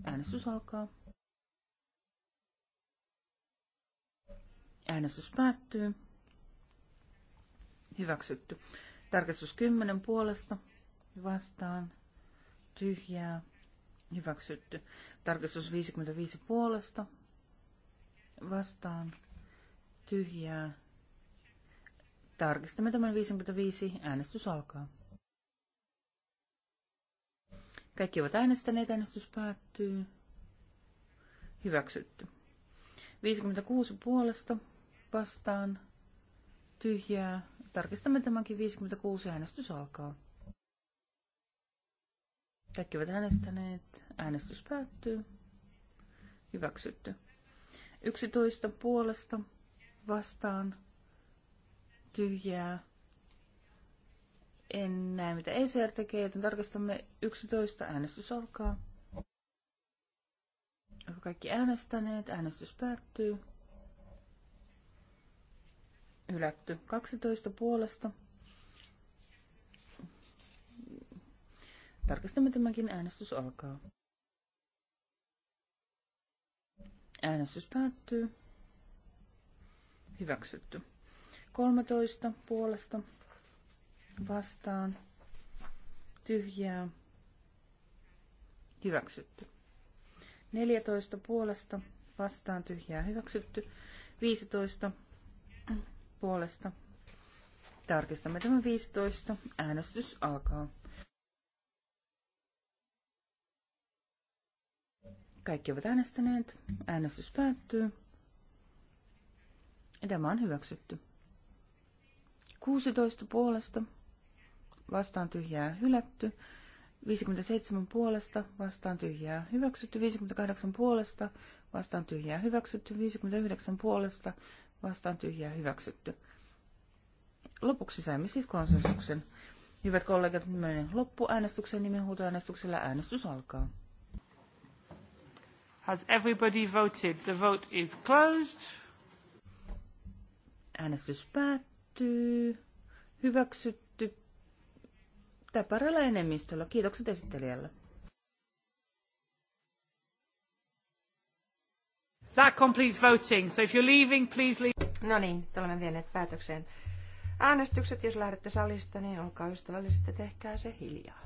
Äänestys alkaa. Äänestys päättyy. Hyväksytty. Tarkistus 10 puolesta. Vastaan. Tyhjää. Hyväksytty. Tarkistus 55 puolesta. Vastaan. Tyhjää. Tarkistamme tämän 55. Äänestys alkaa. Kaikki ovat äänestäneet. Äänestys päättyy. Hyväksytty. 56 puolesta vastaan tyhjää. Tarkistamme tämänkin 56. Äänestys alkaa. Kaikki ovat äänestäneet. Äänestys päättyy. Hyväksytty. 11 puolesta vastaan tyhjää. En näe, mitä ECR tekee, joten tarkastamme 11. Äänestys alkaa. Onko kaikki äänestäneet? Äänestys päättyy. Hylätty 12 puolesta. tarkastamme tämänkin äänestys alkaa. Äänestys päättyy. Hyväksytty. 13 puolesta vastaan tyhjää hyväksytty. 14 puolesta vastaan tyhjää hyväksytty. 15 puolesta. Tarkistamme tämän 15. Äänestys alkaa. Kaikki ovat äänestäneet. Äänestys päättyy. Tämä on hyväksytty. 16 puolesta vastaan tyhjää hylätty. 57 puolesta vastaan tyhjää hyväksytty. 58 puolesta vastaan tyhjää hyväksytty. 59 puolesta vastaan tyhjää hyväksytty. Lopuksi saimme siis konsensuksen. Hyvät kollegat, menen nimen huutoäänestyksellä. Äänestys alkaa. Has everybody voted? The vote is closed. Äänestys päättyy Hyväksytty Hyväksytty täpärällä enemmistöllä. Kiitokset esittelijälle. That completes voting. So if you're leaving, please leave. No niin, olemme vieneet päätökseen. Äänestykset, jos lähdette salista, niin olkaa ystävälliset ja tehkää se hiljaa.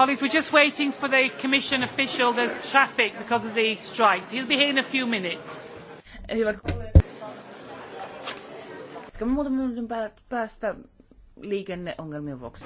Colleagues, we're just waiting for the commission official. There's traffic because of the strikes. He'll be here in a few minutes. Hyvä. kollegat, muutaman minuutin päästä liikenneongelmien vuoksi.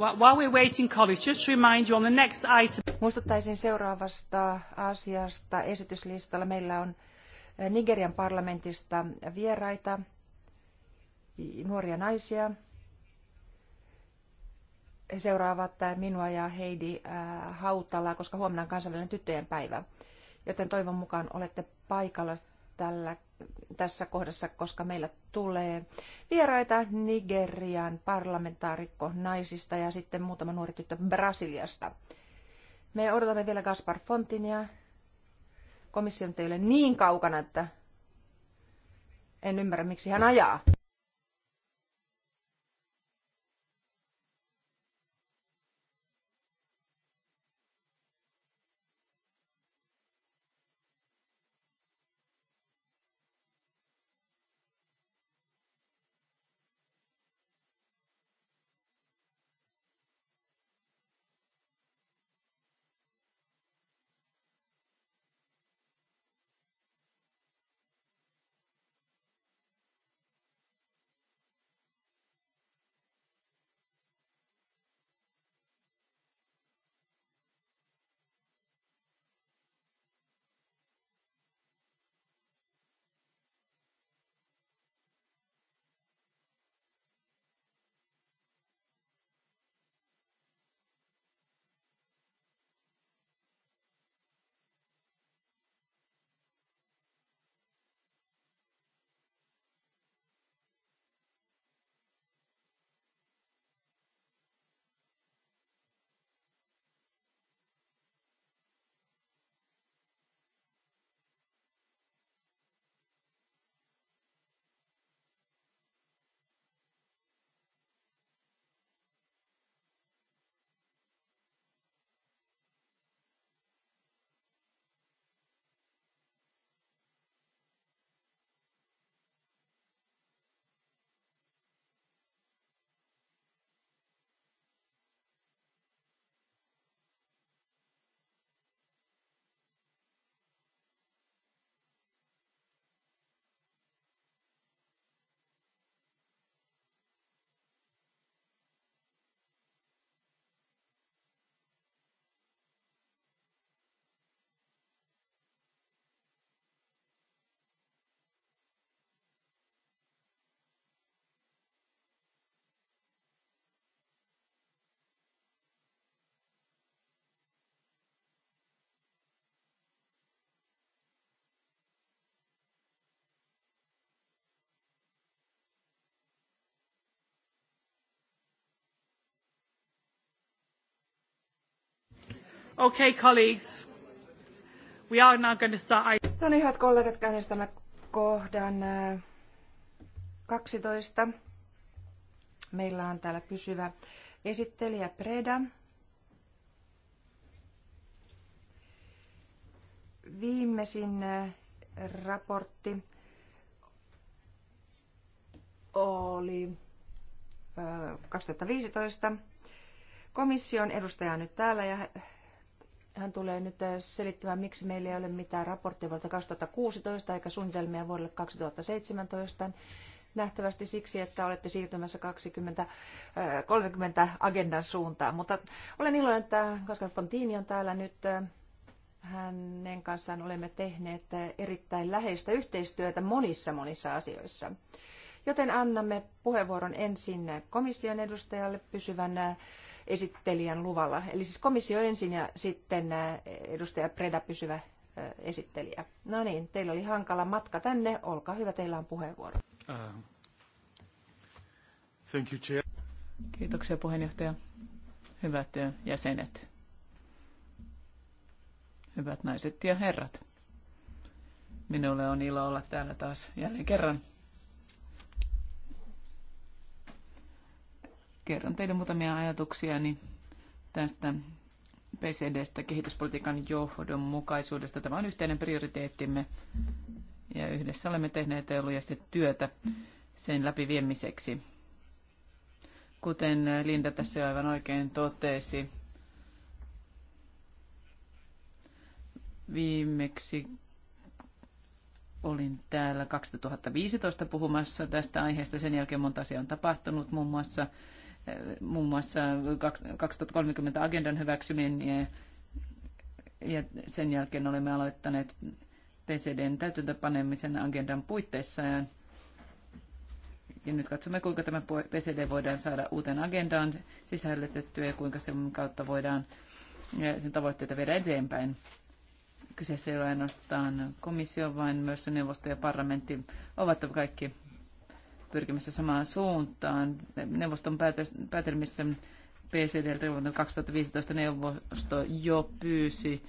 While we're waiting, colleagues, just to remind you on the next item. Muistuttaisin seuraavasta asiasta esityslistalla. Meillä on eh, Nigerian parlamentista vieraita, nuoria naisia. He seuraavat eh, minua ja Heidi eh, Hautala, koska huomenna on kansainvälinen tyttöjen päivä. Joten toivon mukaan olette paikalla tällä tässä kohdassa, koska meillä tulee vieraita Nigerian parlamentaarikko naisista ja sitten muutama nuori tyttö Brasiliasta. Me odotamme vielä Gaspar Fontinia. Komissio ei ole niin kaukana, että en ymmärrä, miksi hän ajaa. Okay, colleagues. We are now going to start... No niin, hyvät kollegat, käynnistämme kohdan 12. Äh, Meillä on täällä pysyvä esittelijä Preda. Viimeisin äh, raportti oli 2015. Äh, Komission edustaja on nyt täällä ja hän tulee nyt äh, selittämään, miksi meillä ei ole mitään raporttia vuodelta 2016 eikä suunnitelmia vuodelle 2017. Nähtävästi siksi, että olette siirtymässä 20, 30 äh, agendan suuntaan. Mutta olen iloinen, että koska Fontini on täällä nyt. Hänen kanssaan olemme tehneet äh, erittäin läheistä yhteistyötä monissa monissa asioissa. Joten annamme puheenvuoron ensin komission edustajalle pysyvän esittelijän luvalla. Eli siis komissio ensin ja sitten edustaja Preda pysyvä esittelijä. No niin, teillä oli hankala matka tänne. Olkaa hyvä, teillä on puheenvuoro. Uh, thank you, chair. Kiitoksia puheenjohtaja. Hyvät jäsenet. Hyvät naiset ja herrat. Minulle on ilo olla täällä taas jälleen kerran kerron teille muutamia ajatuksia niin tästä PCDstä, kehityspolitiikan johdonmukaisuudesta. Tämä on yhteinen prioriteettimme ja yhdessä olemme tehneet lujasti työtä sen läpiviemiseksi. Kuten Linda tässä aivan oikein totesi, viimeksi olin täällä 2015 puhumassa tästä aiheesta. Sen jälkeen monta asiaa on tapahtunut, muun muassa muun muassa 2030 agendan hyväksyminen ja sen jälkeen olemme aloittaneet PCDn täytäntöpanemisen agendan puitteissa. Ja, ja nyt katsomme, kuinka tämä PCD voidaan saada uuteen agendaan sisällytettyä ja kuinka sen kautta voidaan sen tavoitteita viedä eteenpäin. Kyseessä ei ole ainoastaan komissio, vaan myös neuvosto ja parlamentti ovat kaikki pyrkimässä samaan suuntaan. Neuvoston päätelmissä PCD vuonna 2015 neuvosto jo pyysi,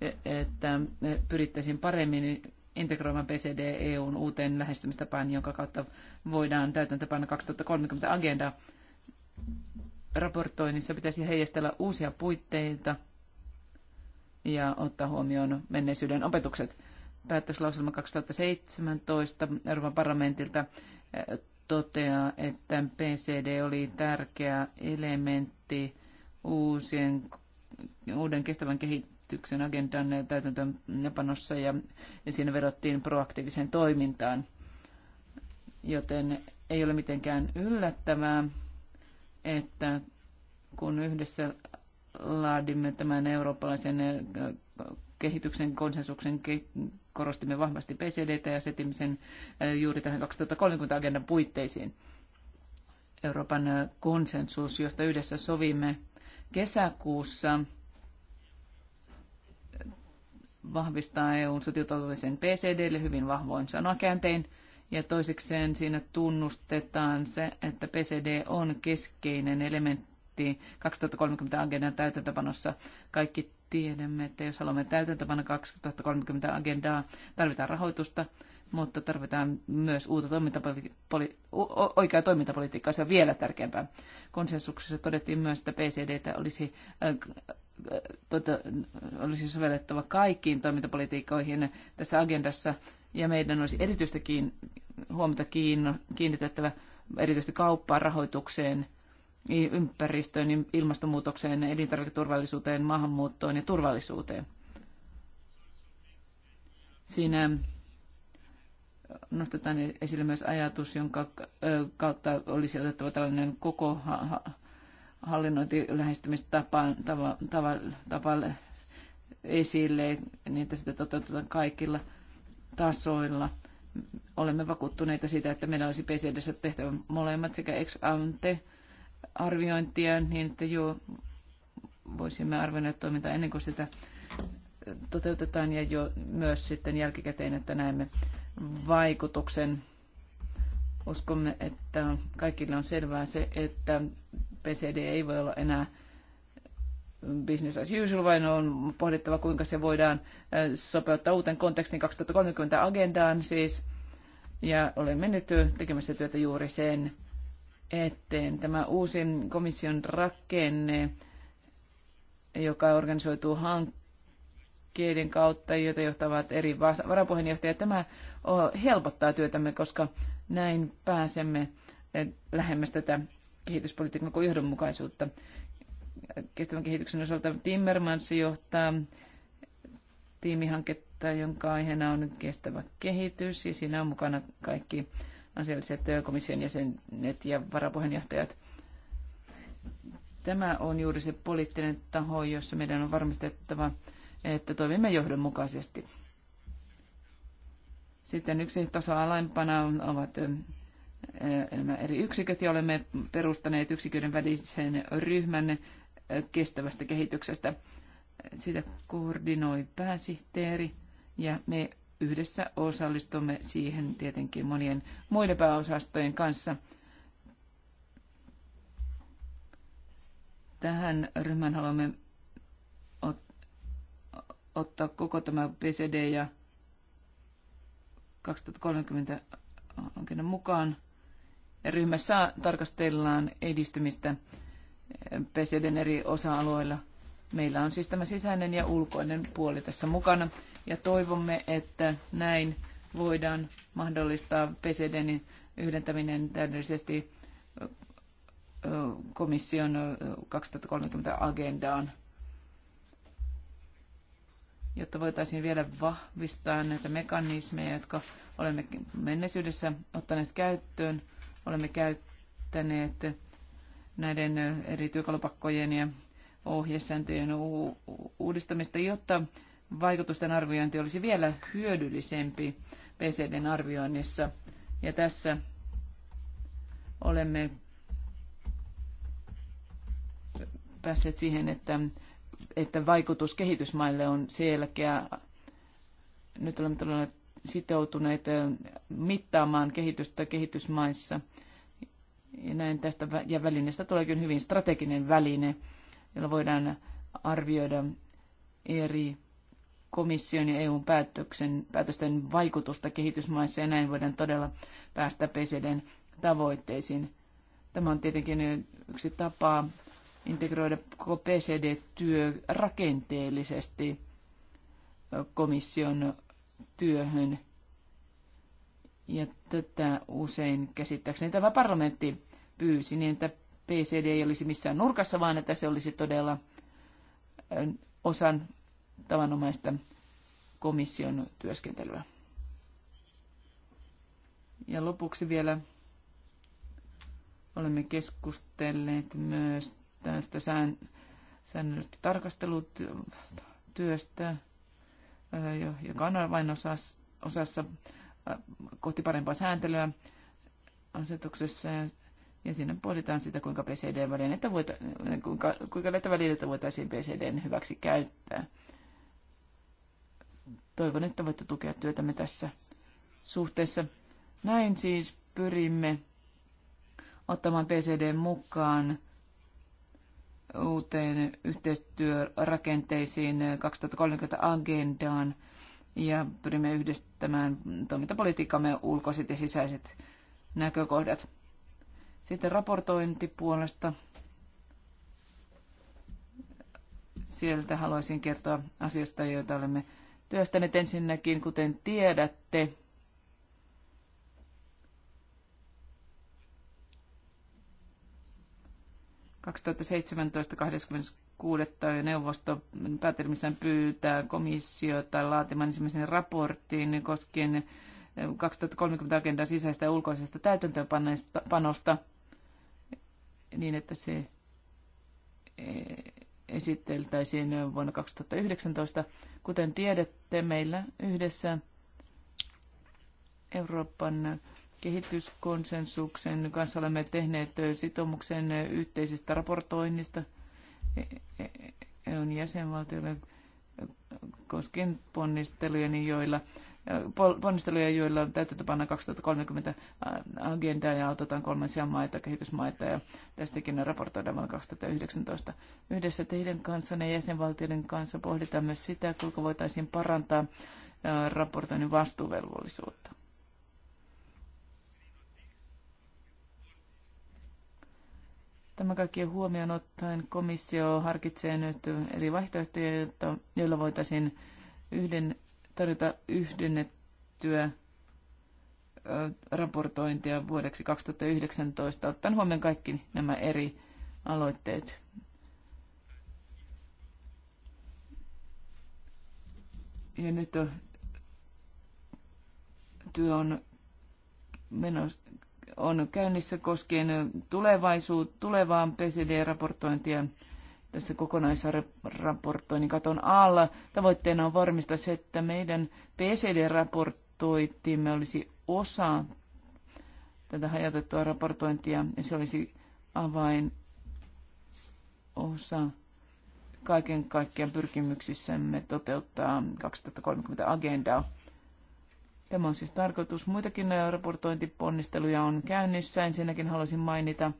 e- että pyrittäisiin paremmin integroimaan PCD EUn uuteen lähestymistapaan, jonka kautta voidaan täytäntöpanna 2030 agenda. Raportoinnissa pitäisi heijastella uusia puitteita ja ottaa huomioon menneisyyden opetukset. Päätöslauselma 2017 Euroopan parlamentilta toteaa, että PCD oli tärkeä elementti uusien, uuden kestävän kehityksen agendan täytäntöönpanossa ja siinä vedottiin proaktiiviseen toimintaan. Joten ei ole mitenkään yllättävää, että kun yhdessä laadimme tämän eurooppalaisen kehityksen konsensuksen korostimme vahvasti PCDtä ja setimme sen äh, juuri tähän 2030-agendan puitteisiin. Euroopan äh, konsensus, josta yhdessä sovimme kesäkuussa, vahvistaa EUn sotilaallisen PCDlle hyvin vahvoin sanakääntein. Ja toisekseen siinä tunnustetaan se, että PCD on keskeinen elementti 2030 agendan täytäntöpanossa. Kaikki Tiedämme, että jos haluamme täytäntöpanna 2030 agendaa, tarvitaan rahoitusta, mutta tarvitaan myös uutta toimintapoli- poli- oikeaa toimintapolitiikkaa. Se on vielä tärkeämpää. Konsensuksessa todettiin myös, että PCD olisi, äh, äh, tota, olisi sovellettava kaikkiin toimintapolitiikkoihin tässä agendassa, ja meidän olisi erityistäkin huomiota kiinnitettävä erityisesti kauppaan, rahoitukseen – ympäristöön, niin ilmastonmuutokseen, elintarviketurvallisuuteen, maahanmuuttoon ja turvallisuuteen. Siinä nostetaan esille myös ajatus, jonka kautta olisi otettava tällainen koko hallinnointi lähestymistapa esille, niin että sitä toteutetaan kaikilla tasoilla. Olemme vakuuttuneita siitä, että meillä olisi PCDssä tehtävä molemmat sekä ex ante arviointia niin, että jo voisimme arvioida toimintaa ennen kuin sitä toteutetaan ja jo myös sitten jälkikäteen, että näemme vaikutuksen. Uskomme, että kaikille on selvää se, että PCD ei voi olla enää business as usual, vaan on pohdittava, kuinka se voidaan sopeuttaa uuteen kontekstin 2030 agendaan siis. Ja olemme nyt tekemässä työtä juuri sen eteen. Tämä uusi komission rakenne, joka organisoituu hankkeiden kautta, joita johtavat eri varapuheenjohtajat, tämä helpottaa työtämme, koska näin pääsemme eh, lähemmäs tätä kehityspolitiikan johdonmukaisuutta. Kestävän kehityksen osalta Timmermans johtaa tiimihanketta, jonka aiheena on kestävä kehitys, ja siinä on mukana kaikki asialliset komission jäsenet ja varapuheenjohtajat. Tämä on juuri se poliittinen taho, jossa meidän on varmistettava, että toimimme johdonmukaisesti. Sitten yksi taso alaimpana ovat nämä eri yksiköt, ja olemme perustaneet yksiköiden välisen ryhmän kestävästä kehityksestä. Sitä koordinoi pääsihteeri, ja me yhdessä osallistumme siihen tietenkin monien muiden pääosastojen kanssa. Tähän ryhmään haluamme ot- ottaa koko tämä PCD ja 2030 hankinnan mukaan. Ryhmässä tarkastellaan edistymistä PCDn eri osa-alueilla. Meillä on siis tämä sisäinen ja ulkoinen puoli tässä mukana ja toivomme, että näin voidaan mahdollistaa PCDn yhdentäminen täydellisesti komission 2030 agendaan, jotta voitaisiin vielä vahvistaa näitä mekanismeja, jotka olemme menneisyydessä ottaneet käyttöön. Olemme käyttäneet näiden eri työkalupakkojen ja ohjesääntöjen uudistamista, jotta vaikutusten arviointi olisi vielä hyödyllisempi PCDn arvioinnissa. Ja tässä olemme päässeet siihen, että, että vaikutus kehitysmaille on selkeä. Nyt olemme todella sitoutuneet mittaamaan kehitystä kehitysmaissa. Ja näin tästä ja välineestä tuleekin hyvin strateginen väline, jolla voidaan arvioida eri komission ja EUn päätöksen, päätösten vaikutusta kehitysmaissa ja näin voidaan todella päästä PCDn tavoitteisiin. Tämä on tietenkin yksi tapa integroida koko PCD-työ rakenteellisesti komission työhön. Ja tätä usein käsittääkseni tämä parlamentti pyysi niin, että PCD ei olisi missään nurkassa, vaan että se olisi todella osan tavanomaista komission työskentelyä. Ja lopuksi vielä olemme keskustelleet myös tästä sään, säännöllistä tarkastelutyöstä, äh, joka on vain osassa, osassa äh, kohti parempaa sääntelyä asetuksessa. Ja siinä pohditaan sitä, kuinka PCD-välinettä voita, kuinka, kuinka näitä välineitä voitaisiin PCDn hyväksi käyttää. Toivon, että voitte tukea työtämme tässä suhteessa. Näin siis pyrimme ottamaan PCD mukaan uuteen yhteistyörakenteisiin 2030 agendaan ja pyrimme yhdistämään toimintapolitiikkamme ulkoiset ja sisäiset näkökohdat. Sitten raportointipuolesta. Sieltä haluaisin kertoa asioista, joita olemme työstäneet ensinnäkin, kuten tiedätte, kuudetta neuvosto päätelmissään pyytää komissiota laatimaan ensimmäisen raportin koskien 2030 agendan sisäistä ja ulkoisesta täytäntöönpanosta niin, että se esiteltäisiin vuonna 2019. Kuten tiedätte, meillä yhdessä Euroopan kehityskonsensuksen kanssa olemme tehneet sitoumuksen yhteisestä raportoinnista EUn jäsenvaltioille koskien ponnisteluja, joilla ponnisteluja, joilla panna 2030 agendaa ja autetaan kolmansia maita, kehitysmaita ja tästäkin raportoidaan vuonna 2019. Yhdessä teidän kanssa ja jäsenvaltioiden kanssa pohditaan myös sitä, kuinka voitaisiin parantaa äh, raportoinnin vastuuvelvollisuutta. Tämä kaikki huomioon ottaen komissio harkitsee nyt eri vaihtoehtoja, joilla voitaisiin yhden tarjota yhdennettyä raportointia vuodeksi 2019, ottaen huomioon kaikki nämä eri aloitteet. Ja nyt on, työ on, menos, on käynnissä koskien tulevaisuut, tulevaan PCD-raportointia tässä kokonaisraportoinnin katon alla. Tavoitteena on varmistaa se, että meidän PCD-raportointimme olisi osa tätä hajautettua raportointia ja se olisi avain osa kaiken kaikkiaan pyrkimyksissämme toteuttaa 2030 agendaa. Tämä on siis tarkoitus. Muitakin raportointiponnisteluja on käynnissä. Ensinnäkin haluaisin mainita –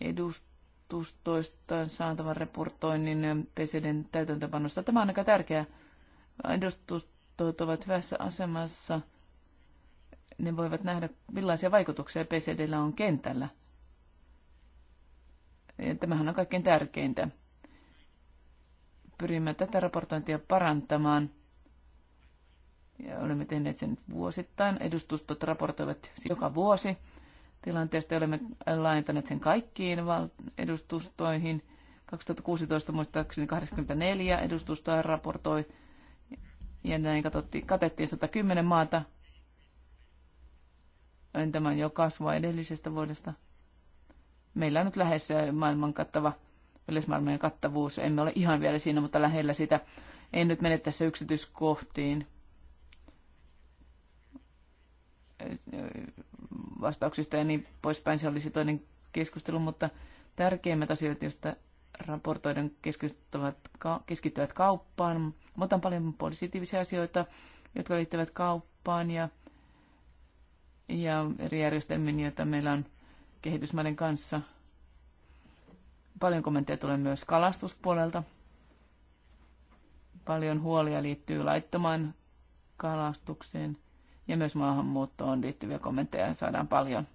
edustustoistaan saatavan raportoinnin PCDn täytäntöpanosta. Tämä on aika tärkeää. Edustustot ovat hyvässä asemassa. Ne voivat nähdä, millaisia vaikutuksia PCDllä on kentällä. Ja tämähän on kaikkein tärkeintä. Pyrimme tätä raportointia parantamaan. Ja olemme tehneet sen vuosittain. Edustustot raportoivat joka vuosi tilanteesta. Olemme laajentaneet sen kaikkiin edustustoihin. 2016 muistaakseni 84 edustustoa raportoi ja näin katsottiin, katettiin 110 maata. Tämä jo kasvua edellisestä vuodesta. Meillä on nyt lähes maailman kattava, yleismaailman kattavuus. Emme ole ihan vielä siinä, mutta lähellä sitä. En nyt mene tässä yksityiskohtiin vastauksista ja niin poispäin. Se olisi toinen keskustelu, mutta tärkeimmät asiat, joista raportoiden keskittyvät, keskittyvät kauppaan. mutta otan paljon positiivisia asioita, jotka liittyvät kauppaan ja, ja eri järjestelmiin, joita meillä on kehitysmaiden kanssa. Paljon kommentteja tulee myös kalastuspuolelta. Paljon huolia liittyy laittomaan kalastukseen – ja myös maahanmuuttoon liittyviä kommentteja saadaan paljon.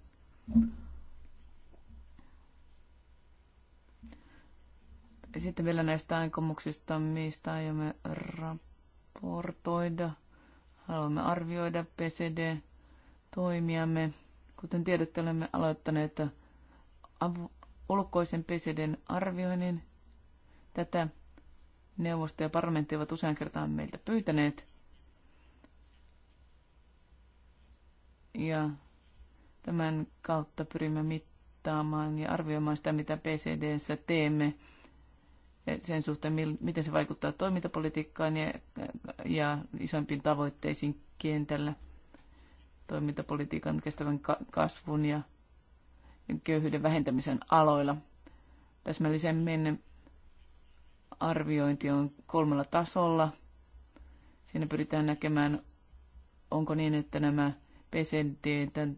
Sitten vielä näistä aikomuksista, mistä aiomme raportoida. Haluamme arvioida PCD-toimiamme. Kuten tiedätte, olemme aloittaneet avu- ulkoisen PCDn arvioinnin. Tätä neuvosto ja parlamentti ovat usean kertaan meiltä pyytäneet – Ja tämän kautta pyrimme mittaamaan ja arvioimaan sitä, mitä PCDssä teemme sen suhteen, miten se vaikuttaa toimintapolitiikkaan ja, ja isompiin tavoitteisiin kentällä toimintapolitiikan kestävän kasvun ja köyhyyden vähentämisen aloilla. Täsmällisemmin arviointi on kolmella tasolla. Siinä pyritään näkemään, onko niin, että nämä PCD äh,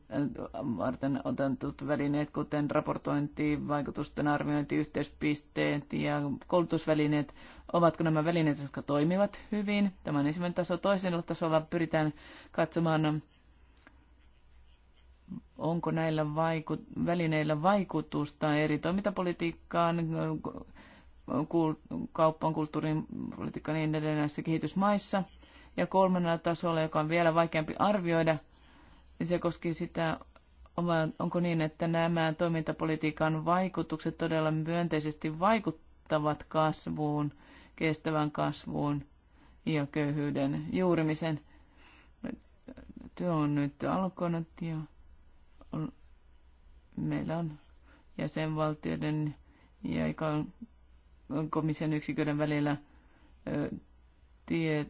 varten otetut välineet, kuten raportointi, vaikutusten arviointi, yhteyspisteet ja koulutusvälineet, ovatko nämä välineet, jotka toimivat hyvin? Tämä on ensimmäinen taso. Toisella tasolla pyritään katsomaan, onko näillä vaiku- välineillä vaikutusta eri toimintapolitiikkaan, kauppaan, kulttuurin politiikkaan niin edelleen näissä kehitysmaissa. Ja kolmannella tasolla, joka on vielä vaikeampi arvioida, se koski sitä, onko niin, että nämä toimintapolitiikan vaikutukset todella myönteisesti vaikuttavat kasvuun, kestävän kasvuun ja köyhyyden juurimisen. Työ on nyt alkanut ja on, meillä on jäsenvaltioiden ja komission yksiköiden välillä tie,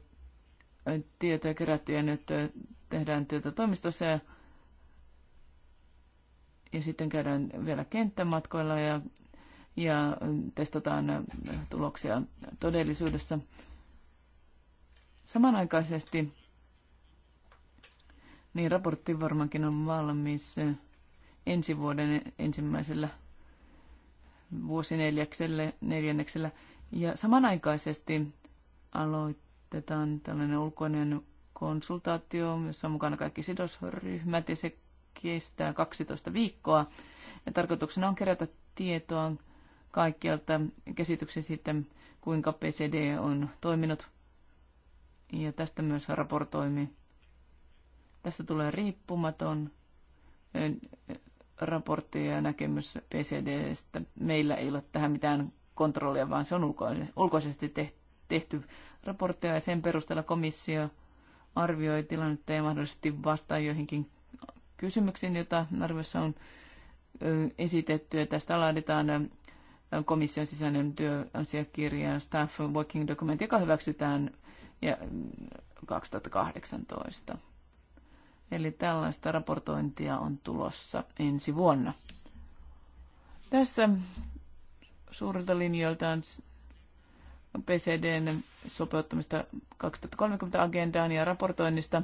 tietoja kerätty ja nyt tehdään työtä toimistossa ja, ja sitten käydään vielä kenttämatkoilla ja, ja testataan tuloksia todellisuudessa. Samanaikaisesti niin raportti varmaankin on valmis ensi vuoden ensimmäisellä vuosineljäkselle, neljänneksellä. Ja samanaikaisesti aloitetaan tällainen ulkoinen konsultaatio, jossa on mukana kaikki sidosryhmät ja se kestää 12 viikkoa. Ja tarkoituksena on kerätä tietoa kaikkialta käsityksen siitä, kuinka PCD on toiminut. Ja tästä myös raportoimme. Tästä tulee riippumaton raportti ja näkemys PCDstä. Meillä ei ole tähän mitään kontrollia, vaan se on ulkoisesti tehty raportteja ja sen perusteella komissio arvioi tilannetta ja mahdollisesti vastaa joihinkin kysymyksiin, joita arviossa on esitetty. Ja tästä laaditaan komission sisäinen työasiakirja Staff Working Document, joka hyväksytään 2018. Eli tällaista raportointia on tulossa ensi vuonna. Tässä suurilta linjoiltaan PCDn sopeuttamista 2030-agendaan ja raportoinnista.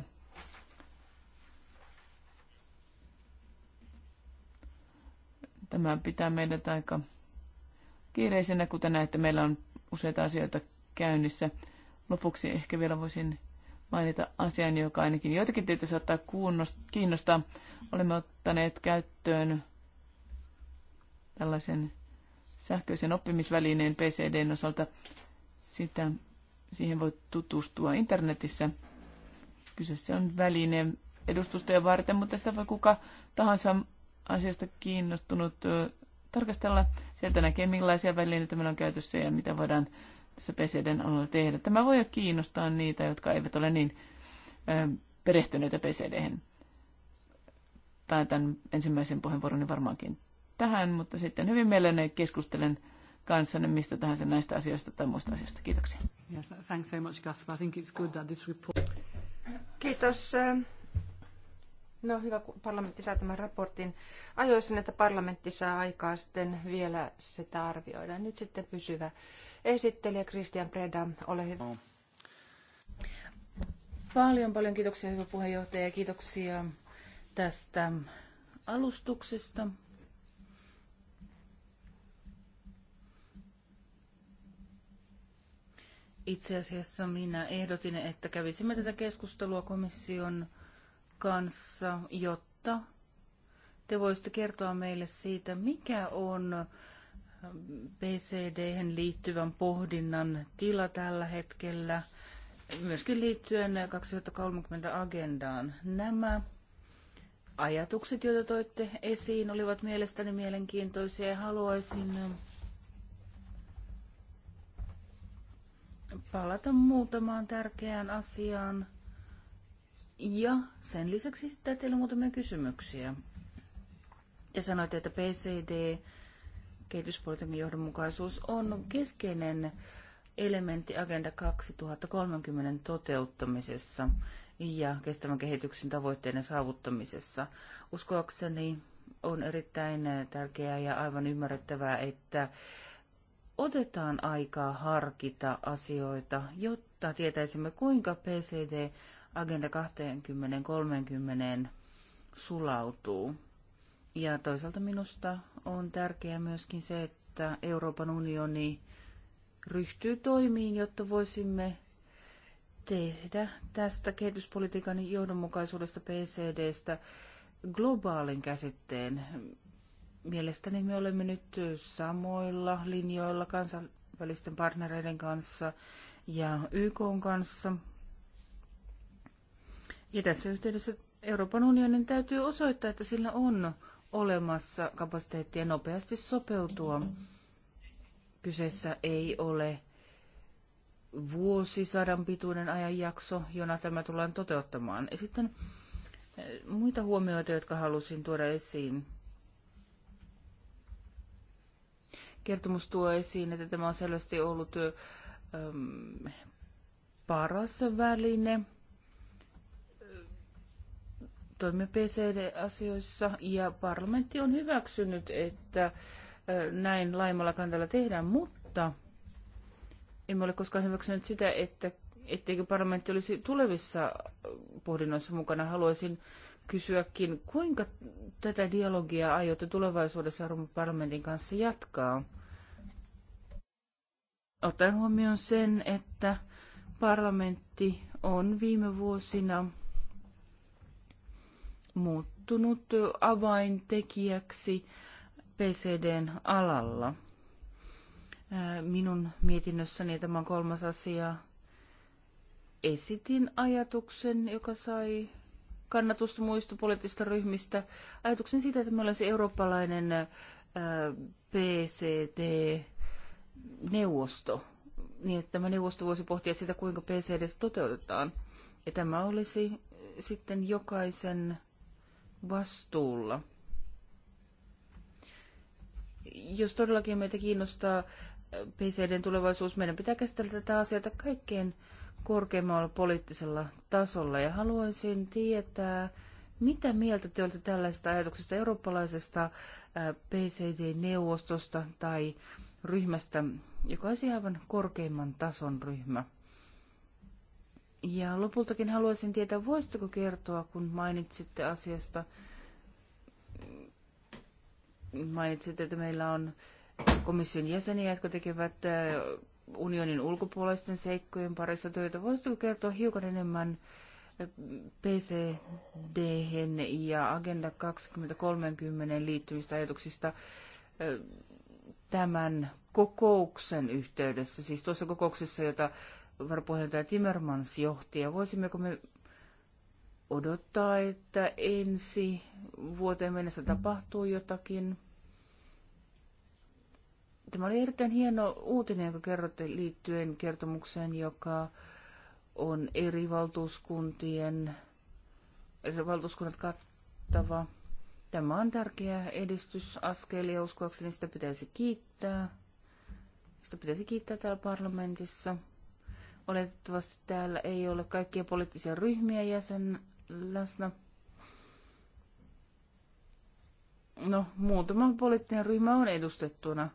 Tämä pitää meidät aika kiireisenä, kuten näette, meillä on useita asioita käynnissä. Lopuksi ehkä vielä voisin mainita asian, joka ainakin joitakin teitä saattaa kiinnostaa. Olemme ottaneet käyttöön tällaisen sähköisen oppimisvälineen PCDn osalta sitä, siihen voi tutustua internetissä. Kyseessä on väline edustustoja varten, mutta sitä voi kuka tahansa asiasta kiinnostunut tarkastella. Sieltä näkee, millaisia välineitä meillä on käytössä ja mitä voidaan tässä PCDn alalla tehdä. Tämä voi jo kiinnostaa niitä, jotka eivät ole niin perehtyneitä PCD. Päätän ensimmäisen puheenvuoroni varmaankin tähän, mutta sitten hyvin mielelläni keskustelen kanssanne mistä tahansa näistä asioista tai muista asioista. Kiitoksia. thanks very much, Gaspar. I think it's good that this report... Kiitos. No hyvä, kun parlamentti saa tämän raportin ajoissa, niin että parlamentti saa aikaa sitten vielä sitä arvioida. Nyt sitten pysyvä esittelijä Christian Preda, ole hyvä. Paljon, paljon kiitoksia hyvä puheenjohtaja ja kiitoksia tästä alustuksesta. Itse asiassa minä ehdotin, että kävisimme tätä keskustelua komission kanssa, jotta te voisitte kertoa meille siitä, mikä on PCD liittyvän pohdinnan tila tällä hetkellä, myöskin liittyen 2030 agendaan. Nämä ajatukset, joita toitte esiin, olivat mielestäni mielenkiintoisia ja haluaisin palata muutamaan tärkeään asiaan. Ja sen lisäksi sitten teillä on muutamia kysymyksiä. Ja sanoitte, että PCD, kehityspolitiikan johdonmukaisuus, on keskeinen elementti Agenda 2030 toteuttamisessa ja kestävän kehityksen tavoitteiden saavuttamisessa. Uskoakseni on erittäin tärkeää ja aivan ymmärrettävää, että otetaan aikaa harkita asioita, jotta tietäisimme, kuinka PCD Agenda 2030 sulautuu. Ja toisaalta minusta on tärkeää myöskin se, että Euroopan unioni ryhtyy toimiin, jotta voisimme tehdä tästä kehityspolitiikan johdonmukaisuudesta PCDstä globaalin käsitteen. Mielestäni me olemme nyt samoilla linjoilla kansainvälisten partnereiden kanssa ja YK kanssa. Ja tässä yhteydessä Euroopan unionin täytyy osoittaa, että sillä on olemassa kapasiteettia nopeasti sopeutua. Kyseessä ei ole vuosisadan pituinen ajanjakso, jona tämä tullaan toteuttamaan. Ja sitten eh, muita huomioita, jotka halusin tuoda esiin. kertomus tuo esiin, että tämä on selvästi ollut äm, paras väline toimia PCD-asioissa ja parlamentti on hyväksynyt, että näin laimalla kantalla tehdään, mutta emme ole koskaan hyväksynyt sitä, että etteikö parlamentti olisi tulevissa pohdinnoissa mukana. Haluaisin äh, kysyäkin, kuinka tätä dialogia aiotte tulevaisuudessa Euroopan parlamentin kanssa jatkaa? Ottaen huomioon sen, että parlamentti on viime vuosina muuttunut avaintekijäksi PCDn alalla. Minun mietinnössäni tämä on kolmas asia. Esitin ajatuksen, joka sai kannatusta muista poliittisista ryhmistä. Ajatuksen siitä, että meillä olisi eurooppalainen ää, PCT-neuvosto, niin että tämä neuvosto voisi pohtia sitä, kuinka PCD toteutetaan. Ja tämä olisi sitten jokaisen vastuulla. Jos todellakin meitä kiinnostaa PCDn tulevaisuus, meidän pitää käsitellä tätä asiaa kaikkein äh, korkeimmalla poliittisella tasolla. Ja haluaisin tietää, mitä mieltä te olette tällaisesta ajatuksesta eurooppalaisesta PCD-neuvostosta tai ryhmästä, joka olisi aivan korkeimman tason ryhmä? Ja lopultakin haluaisin tietää, voisitteko kertoa, kun mainitsitte asiasta, mainitsitte, että meillä on komission jäseniä, jotka tekevät unionin ulkopuolisten seikkojen parissa töitä. Voisitko kertoa hiukan enemmän eh, PCD ja Agenda 2030 liittyvistä ajatuksista eh, tämän kokouksen yhteydessä, siis tuossa kokouksessa, jota varapuheenjohtaja Timmermans johti, ja voisimmeko me odottaa, että ensi vuoteen mennessä tapahtuu jotakin? Tämä oli erittäin hieno uutinen, joka kerrotte liittyen kertomukseen, joka on eri valtuuskuntien, eri valtuuskunnat kattava. Tämä on tärkeä edistysaskel ja uskoakseni sitä pitäisi kiittää. Sitä pitäisi kiittää täällä parlamentissa. Oletettavasti täällä ei ole kaikkia poliittisia ryhmiä jäsen läsnä. No, muutama poliittinen ryhmä on edustettuna.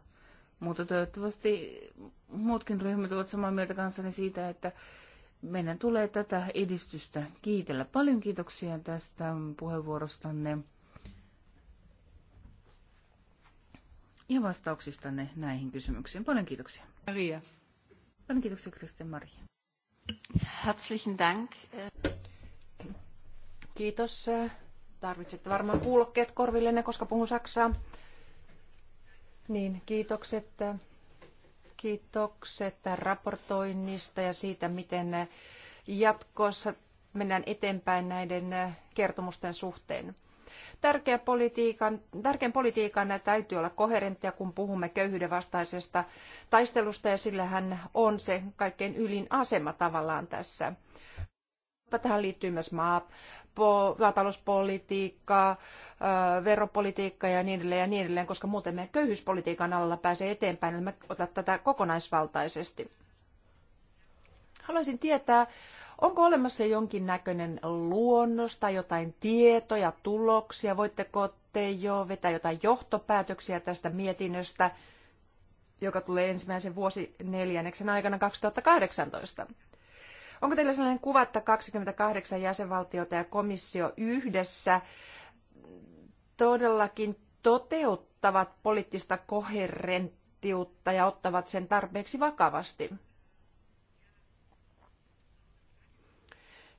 Mutta toivottavasti muutkin ryhmät ovat samaa mieltä kanssani siitä, että meidän tulee tätä edistystä kiitellä. Paljon kiitoksia tästä puheenvuorostanne ja vastauksistanne näihin kysymyksiin. Paljon kiitoksia. Maria. Paljon kiitoksia, Kristian Maria. Herzlichen Dank. Kiitos. Tarvitsette varmaan kuulokkeet korvillenne, koska puhun saksaa. Niin, kiitokset. Kiitokset raportoinnista ja siitä, miten jatkossa mennään eteenpäin näiden kertomusten suhteen. Tärkeä politiikan, tärkeän politiikan täytyy olla koherenttia, kun puhumme köyhyyden vastaisesta taistelusta, ja sillä hän on se kaikkein ylin asema tavallaan tässä. Tähän liittyy myös maa, maatalouspolitiikkaa, veropolitiikkaa ja niin edelleen ja niin edelleen, koska muuten meidän köyhyyspolitiikan alalla pääsee eteenpäin, eli me otan tätä kokonaisvaltaisesti. Haluaisin tietää, onko olemassa jonkin näköinen luonnos tai jotain tietoja, tuloksia? Voitteko te jo vetää jotain johtopäätöksiä tästä mietinnöstä, joka tulee ensimmäisen vuosi neljänneksen aikana 2018? Onko teillä sellainen kuva, että 28 jäsenvaltiota ja komissio yhdessä todellakin toteuttavat poliittista koherenttiutta ja ottavat sen tarpeeksi vakavasti?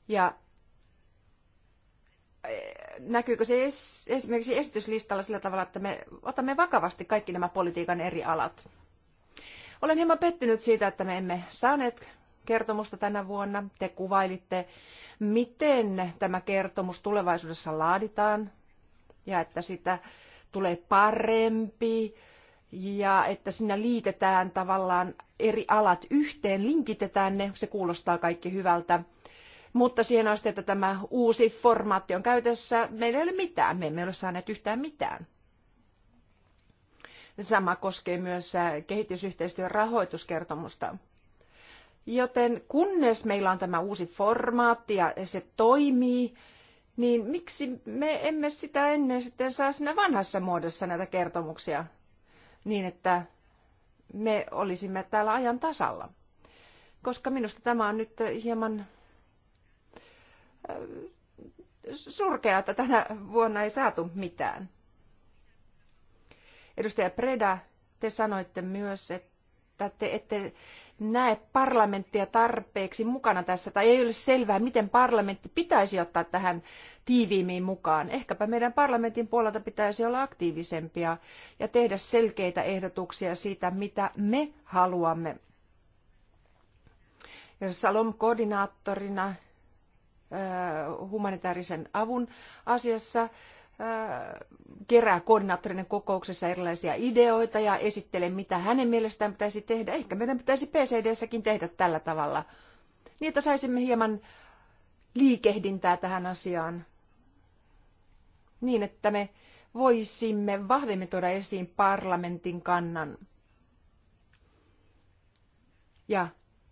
Ja eh, näkyykö se esimerkiksi esityslistalla sillä tavalla, että me otamme vakavasti kaikki nämä politiikan eri alat? Olen hieman pettynyt siitä, että me emme saaneet kertomusta tänä vuonna. Te kuvailitte, miten tämä kertomus tulevaisuudessa laaditaan ja että sitä tulee parempi ja että siinä liitetään tavallaan eri alat yhteen, linkitetään ne, se kuulostaa kaikki hyvältä. Mutta siihen asti, että tämä uusi formaatti on käytössä, meillä ei ole mitään, me emme ole saaneet yhtään mitään. Sama koskee myös äh, kehitysyhteistyön rahoituskertomusta. Joten kunnes meillä on tämä uusi formaatti ja se toimii, niin miksi me emme sitä ennen sitten saa siinä vanhassa muodossa näitä kertomuksia niin, että me olisimme täällä ajan tasalla? Koska minusta tämä on nyt hieman äh, surkea, että tänä vuonna ei saatu mitään. Edustaja Preda, te sanoitte myös, että että te ette näe parlamenttia tarpeeksi mukana tässä, tai ei ole selvää, miten parlamentti pitäisi ottaa tähän tiiviimmin mukaan. Ehkäpä meidän parlamentin puolelta pitäisi olla aktiivisempia ja tehdä selkeitä ehdotuksia siitä, mitä me haluamme. Ja Salom-koordinaattorina humanitaarisen avun asiassa kerää koordinaattorinen kokouksessa erilaisia ideoita ja esittelee, mitä hänen mielestään pitäisi tehdä. Ehkä meidän pitäisi PCDssäkin tehdä tällä tavalla, niin että saisimme hieman liikehdintää tähän asiaan, niin että me voisimme vahvemmin tuoda esiin parlamentin kannan ja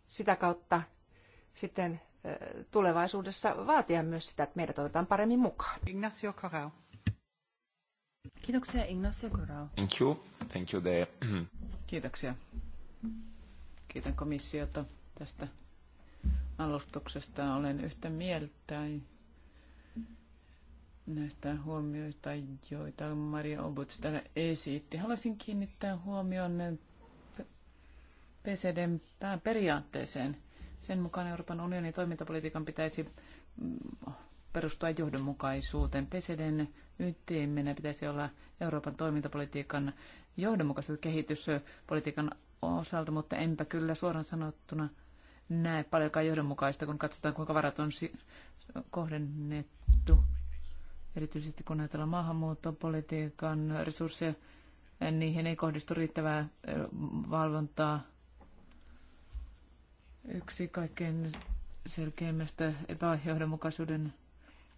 sitä kautta sitten tulevaisuudessa vaatia myös sitä, että meidät otetaan paremmin mukaan. Ignacio Corral. Kiitoksia Ignacio Corral. Thank you. Thank you there. Kiitoksia. Kiitän komissiota tästä alustuksesta. Olen yhtä mieltä näistä huomioista, joita Maria Obuts täällä esitti. Haluaisin kiinnittää huomioon PCDn pääperiaatteeseen. Sen mukaan Euroopan unionin toimintapolitiikan pitäisi mm, perustua johdonmukaisuuteen. PCDn ytimenä pitäisi olla Euroopan toimintapolitiikan johdonmukaisen kehityspolitiikan osalta, mutta enpä kyllä suoraan sanottuna näe paljonkaan johdonmukaista, kun katsotaan kuinka varat on kohdennettu. Erityisesti kun ajatellaan maahanmuuttopolitiikan resursseja, niihin ei kohdistu riittävää valvontaa. Yksi kaikkein selkeimmästä epäjohdonmukaisuuden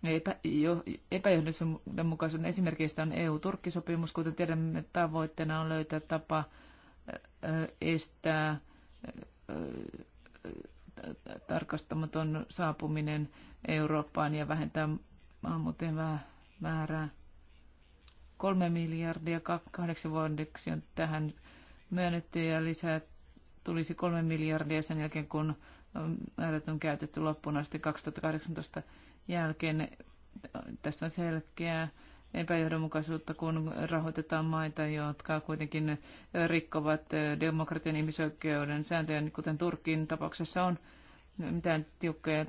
Epä, jo, epäjohdonmukaisuuden esimerkkeistä on EU-Turkkisopimus. Kuten tiedämme, tavoitteena on löytää tapa estää tarkastamaton saapuminen Eurooppaan ja vähentää maahanmuuttajien määrää. Kolme miljardia kahdeksan vuodeksi on tähän myönnetty ja lisää tulisi kolme miljardia sen jälkeen, kun määrät on käytetty loppuun asti 2018 jälkeen. Tässä on selkeää epäjohdonmukaisuutta, kun rahoitetaan maita, jotka kuitenkin rikkovat demokratian ihmisoikeuden sääntöjä, niin kuten Turkin tapauksessa on. Mitään tiukkoja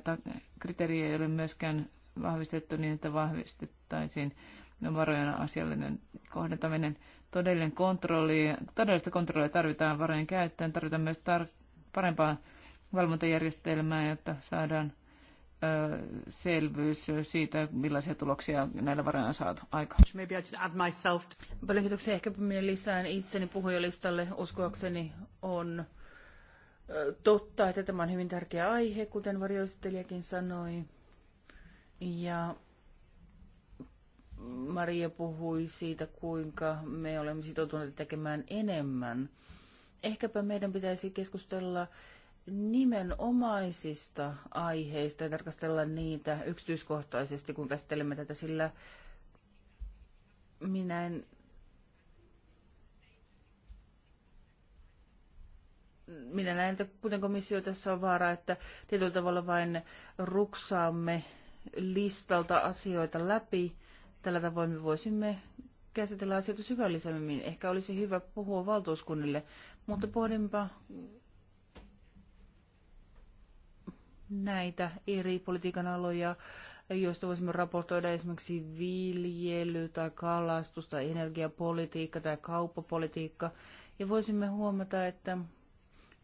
kriteerejä ei ole myöskään vahvistettu niin, että vahvistettaisiin varojen asiallinen kohdentaminen. Todellinen kontrolli, todellista kontrollia tarvitaan varojen käyttöön, tarvitaan myös tar- parempaa valvontajärjestelmää, jotta saadaan selvyys siitä, millaisia tuloksia näillä varoilla on saatu aikaan. Paljon kiitoksia. Ehkä minä lisään itseni puhujalistalle. Uskoakseni on totta, että tämä on hyvin tärkeä aihe, kuten varjoistelijakin sanoi. Ja Maria puhui siitä, kuinka me olemme sitoutuneet tekemään enemmän. Ehkäpä meidän pitäisi keskustella nimenomaisista aiheista ja tarkastella niitä yksityiskohtaisesti, kun käsittelemme tätä, sillä minä en minä näen, että kuten komissio tässä on vaara, että tietyllä tavalla vain ruksaamme listalta asioita läpi. Tällä tavoin me voisimme käsitellä asioita syvällisemmin. Ehkä olisi hyvä puhua valtuuskunnille, mutta pohdinpa näitä eri politiikan aloja, joista voisimme raportoida esimerkiksi viljely tai kalastus tai energiapolitiikka tai kauppapolitiikka. Ja voisimme huomata, että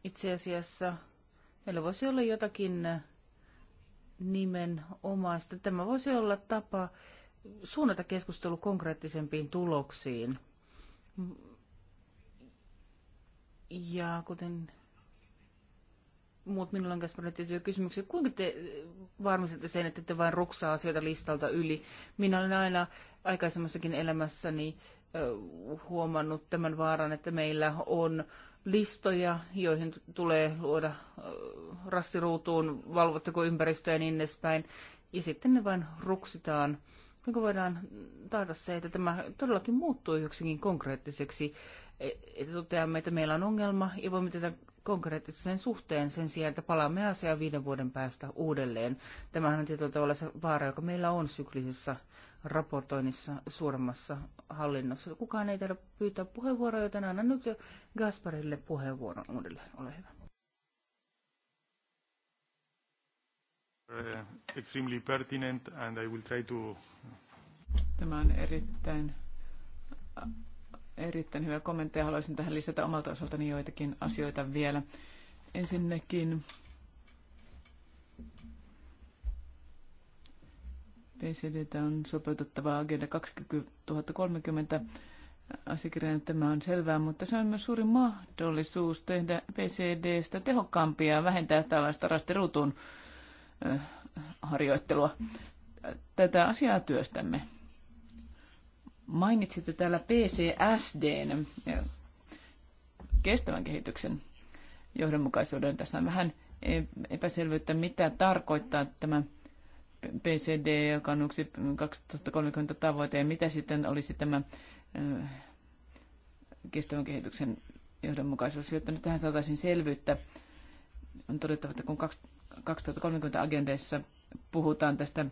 itse asiassa meillä voisi olla jotakin nimen Tämä voisi olla tapa suunnata keskustelu konkreettisempiin tuloksiin. Ja kuten muut minulla on kanssa tiettyjä kysymyksiä. Kuinka te äh, varmistatte sen, että te vain ruksaa asioita listalta yli? Minä olen aina aikaisemmassakin elämässäni äh, huomannut tämän vaaran, että meillä on listoja, joihin tulee luoda äh, rastiruutuun, valvotteko ympäristöä ja niin edespäin. Ja sitten ne vain ruksitaan. Kuinka voidaan taata se, että tämä todellakin muuttuu joksikin konkreettiseksi, e-, että toteamme, että meillä on ongelma ja voimme tätä konkreettisen suhteen sen sijaan, että palaamme asiaan viiden vuoden päästä uudelleen. Tämähän on tietyllä tavalla se vaara, joka meillä on syklisessä raportoinnissa suuremmassa hallinnossa. Kukaan ei tarvitse pyytää puheenvuoroa, joten annan nyt jo Gasparille puheenvuoron uudelleen. Ole hyvä. Eh, extremely pertinent and I will try to... Tämä on erittäin erittäin kommentti ja Haluaisin tähän lisätä omalta osaltani joitakin asioita vielä. Ensinnäkin PCD on sopeutettava Agenda 2030 asiakirjana tämä on selvää, mutta se on myös suuri mahdollisuus tehdä PCDstä tehokkaampia ja vähentää tällaista rastiruutun harjoittelua. Tätä asiaa työstämme. Mainitsitte täällä PCSDn eh, kestävän kehityksen johdonmukaisuuden. Tässä on vähän e- epäselvyyttä, mitä tarkoittaa tämä PCD, joka on yksi 2030 tavoite, ja mitä sitten olisi tämä eh, kestävän kehityksen johdonmukaisuus, jotta nyt tähän saataisiin selvyyttä. On todettava, että kun 2030 agendassa puhutaan tästä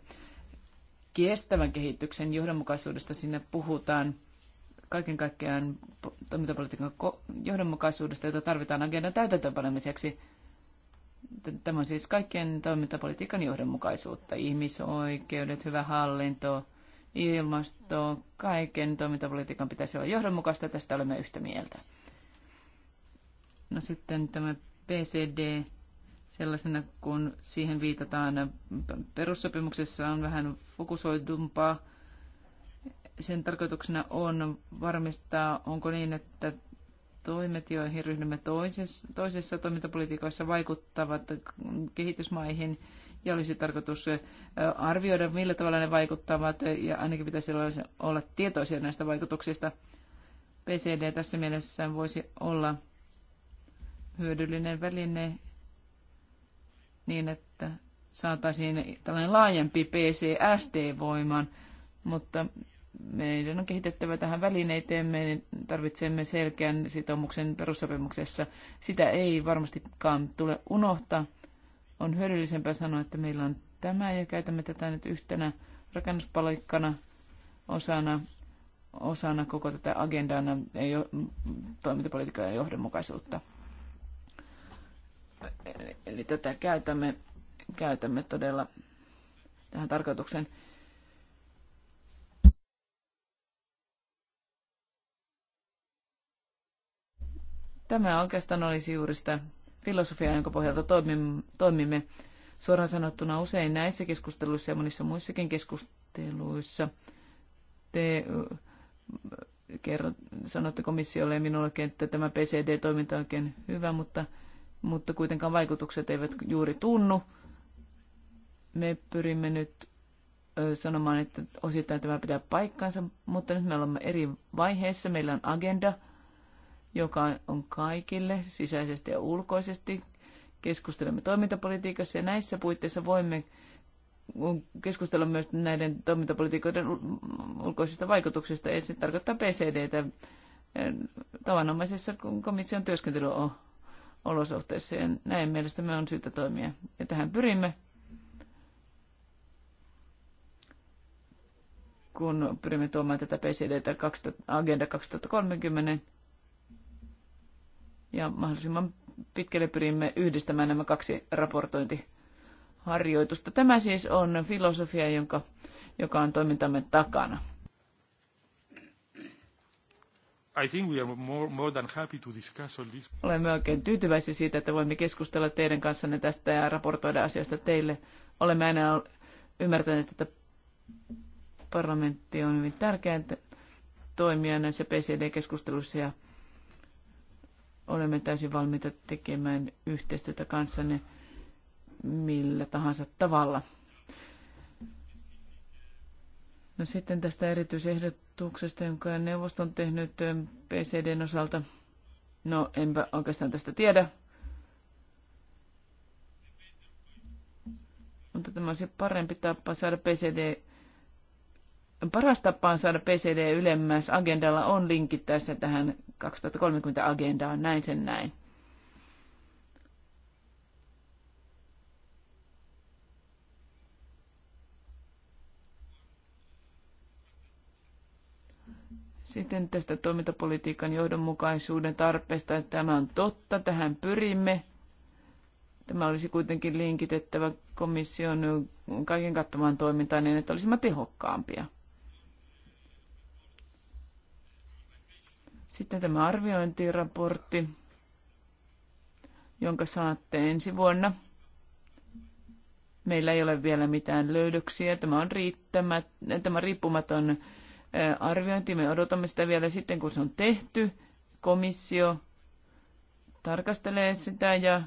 kestävän kehityksen johdonmukaisuudesta siinä puhutaan kaiken kaikkiaan toimintapolitiikan johdonmukaisuudesta, jota tarvitaan agendan täytäntöönpanemiseksi. Tämä on siis kaikkien toimintapolitiikan johdonmukaisuutta. Ihmisoikeudet, hyvä hallinto, ilmasto, kaiken toimintapolitiikan pitäisi olla johdonmukaista. Tästä olemme yhtä mieltä. No sitten tämä PCD sellaisena, kun siihen viitataan perussopimuksessa, on vähän fokusoidumpaa. Sen tarkoituksena on varmistaa, onko niin, että toimet, joihin ryhdymme toisessa, toisessa toimintapolitiikoissa vaikuttavat kehitysmaihin ja olisi tarkoitus arvioida, millä tavalla ne vaikuttavat ja ainakin pitäisi olla tietoisia näistä vaikutuksista. PCD tässä mielessä voisi olla hyödyllinen väline niin, että saataisiin tällainen laajempi PCSD voimaan, mutta meidän on kehitettävä tähän välineiteen, me tarvitsemme selkeän sitoumuksen perussopimuksessa. Sitä ei varmastikaan tule unohtaa. On hyödyllisempää sanoa, että meillä on tämä ja käytämme tätä nyt yhtenä rakennuspalikkana osana, osana koko tätä agendaa ja jo, toimintapolitiikan ja johdonmukaisuutta. Eli tätä käytämme, käytämme todella tähän tarkoituksen. Tämä oikeastaan olisi juuri sitä filosofiaa, jonka pohjalta toimimme. Suoraan sanottuna usein näissä keskusteluissa ja monissa muissakin keskusteluissa te kerrot, sanotte komissiolle ja minullekin, että tämä PCD-toiminta on oikein hyvä, mutta mutta kuitenkaan vaikutukset eivät juuri tunnu. Me pyrimme nyt sanomaan, että osittain tämä pitää paikkaansa, mutta nyt me olemme eri vaiheessa. Meillä on agenda, joka on kaikille sisäisesti ja ulkoisesti. Keskustelemme toimintapolitiikassa ja näissä puitteissa voimme keskustella myös näiden toimintapolitiikoiden ulkoisista vaikutuksista. Ja se tarkoittaa PCDtä tavanomaisessa komission työskentelyolosuhteissa olosuhteissa. Ja näin mielestämme on syytä toimia. Ja tähän pyrimme, kun pyrimme tuomaan tätä PCD Agenda 2030 ja mahdollisimman pitkälle pyrimme yhdistämään nämä kaksi raportointiharjoitusta. Tämä siis on filosofia, jonka, joka on toimintamme takana. I think we are more, more than happy to discuss all this. Olemme oikein tyytyväisiä siitä, että voimme keskustella teidän kanssanne tästä ja raportoida asiasta teille. Olemme aina ymmärtäneet, että parlamentti on hyvin tärkeä toimia näissä PCD-keskusteluissa ja olemme täysin valmiita tekemään yhteistyötä kanssanne millä tahansa tavalla. No sitten tästä erityisehdotuksesta, jonka neuvoston on tehnyt eh, PCDn osalta. No, enpä oikeastaan tästä tiedä. Mutta tämä olisi parempi tapa saada PCD paras tapaan saada PCD ylemmäs agendalla on linkittää tähän 2030-agendaan, näin sen näin. Sitten tästä toimintapolitiikan johdonmukaisuuden tarpeesta, että tämä on totta, tähän pyrimme. Tämä olisi kuitenkin linkitettävä komission kaiken kattamaan toimintaan niin, että olisimme tehokkaampia. Sitten tämä arviointiraportti, jonka saatte ensi vuonna. Meillä ei ole vielä mitään löydöksiä. Tämä on riittämät, tämä riippumaton arviointi. Me odotamme sitä vielä sitten, kun se on tehty. Komissio tarkastelee sitä ja,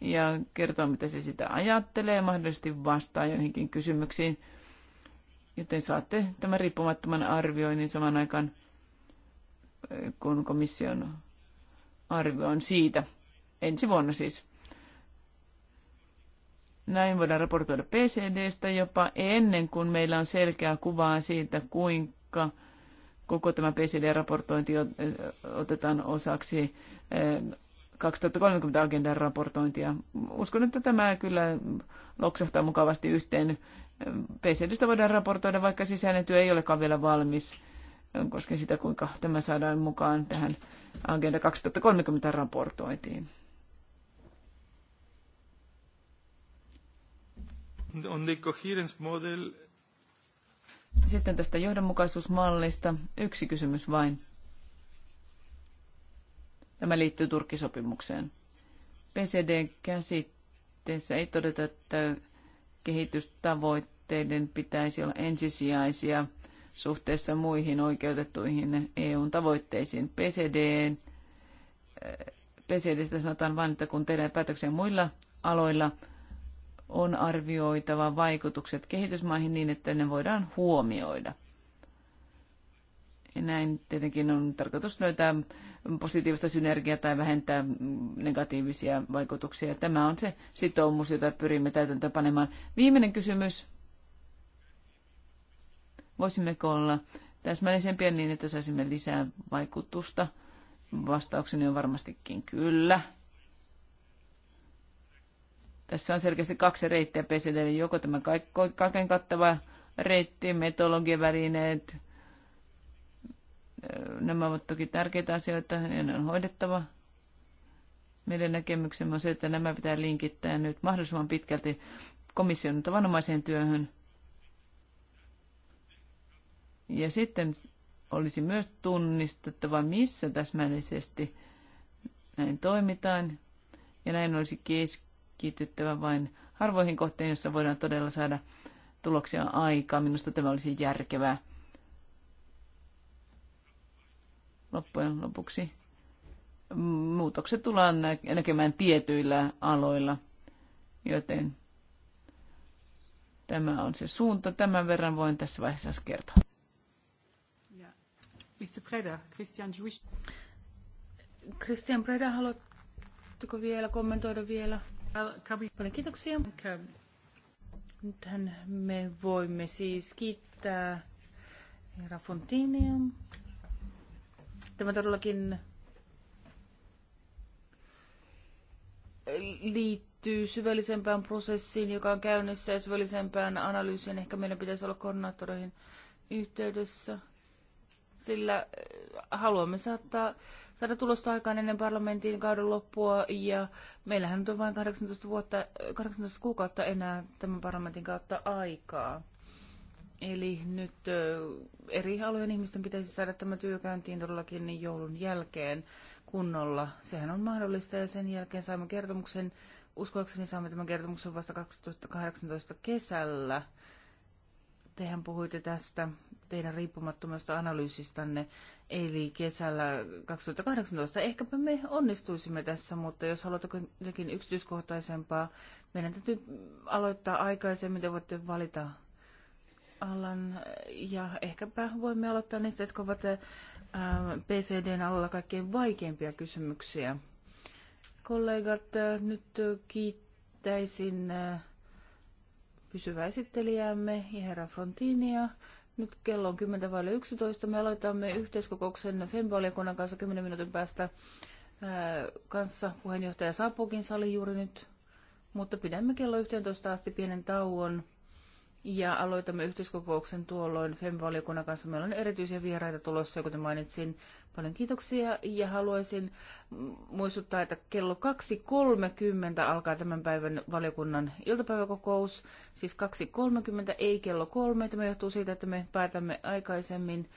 ja kertoo, mitä se sitä ajattelee, mahdollisesti vastaa joihinkin kysymyksiin. Joten saatte tämän riippumattoman arvioinnin saman aikaan, kun komission arvio on siitä. Ensi vuonna siis. Näin voidaan raportoida PCDstä jopa ennen kuin meillä on selkeää kuvaa siitä, kuinka koko tämä PCD-raportointi otetaan osaksi 2030-agendan raportointia. Uskon, että tämä kyllä loksahtaa mukavasti yhteen. PCDstä voidaan raportoida, vaikka sisäinen työ ei olekaan vielä valmis, koska sitä, kuinka tämä saadaan mukaan tähän Agenda 2030 raportointiin. On the coherence model. Sitten tästä johdonmukaisuusmallista yksi kysymys vain. Tämä liittyy Turkkisopimukseen. PCD-käsitteessä ei todeta, että kehitystavoitteiden pitäisi olla ensisijaisia suhteessa muihin oikeutettuihin eu tavoitteisiin. PCD, eh, PCDstä sanotaan vain, että kun tehdään päätöksiä muilla aloilla, on arvioitava vaikutukset kehitysmaihin niin, että ne voidaan huomioida. Ja näin tietenkin on tarkoitus löytää positiivista synergiaa tai vähentää negatiivisia vaikutuksia. Tämä on se sitoumus, jota pyrimme täytäntöön panemaan. Viimeinen kysymys. Voisimmeko olla täsmällisempiä niin, että saisimme lisää vaikutusta? Vastaukseni on varmastikin kyllä. Tässä on selkeästi kaksi reittiä PCDlle, joko tämä kaiken kattava reitti, metodologiavälineet, nämä ovat toki tärkeitä asioita ja ne on hoidettava. Meidän näkemyksemme on se, että nämä pitää linkittää nyt mahdollisimman pitkälti komission tavanomaiseen työhön. Ja sitten olisi myös tunnistettava, missä täsmällisesti näin toimitaan. Ja näin olisi kes- keskityttävä vain harvoihin kohteen, joissa voidaan todella saada tuloksia aikaa. Minusta tämä olisi järkevää. Loppujen lopuksi muutokset tullaan näkemään tietyillä aloilla, joten tämä on se suunta. Tämän verran voin tässä vaiheessa kertoa. Christian Jewish. Christian Preda, haluatteko vielä kommentoida vielä? Paljon kiitoksia. Nythän me voimme siis kiittää herra Fontinia. Tämä todellakin liittyy syvällisempään prosessiin, joka on käynnissä ja syvällisempään analyysiin. Ehkä meidän pitäisi olla koordinaattoreihin yhteydessä, sillä äh, haluamme saattaa saada tulosta aikaan ennen parlamentin kauden loppua ja meillähän nyt on vain 18, vuotta, 18 kuukautta enää tämän parlamentin kautta aikaa. Eli nyt eri alojen ihmisten pitäisi saada tämä työkäyntiin todellakin joulun jälkeen kunnolla. Sehän on mahdollista ja sen jälkeen saamme kertomuksen, uskoakseni saamme tämän kertomuksen vasta 2018 kesällä. Tehän puhuitte tästä teidän riippumattomasta analyysistanne, eli kesällä 2018. Ehkäpä me onnistuisimme tässä, mutta jos haluatte jotenkin yksityiskohtaisempaa, meidän täytyy aloittaa aikaisemmin, te voitte valita alan, ja ehkäpä voimme aloittaa niistä, jotka ovat äh, PCDn alalla kaikkein vaikeimpia kysymyksiä. Kollegat, äh, nyt kiittäisin äh, pysyvä esittelijämme ja herra Frontinia. Nyt kello on 10.11. Me aloitamme yhteiskokouksen FEM-valiokunnan kanssa 10 minuutin päästä ää, kanssa. Puheenjohtaja saapuukin sali juuri nyt, mutta pidämme kello 11 asti pienen tauon ja aloitamme yhteiskokouksen tuolloin FEM-valiokunnan kanssa. Meillä on erityisiä vieraita tulossa, kuten mainitsin. Paljon kiitoksia ja haluaisin mm, muistuttaa, että kello 2.30 alkaa tämän päivän valiokunnan iltapäiväkokous. Siis 2.30, ei kello 3. Tämä johtuu siitä, että me päätämme aikaisemmin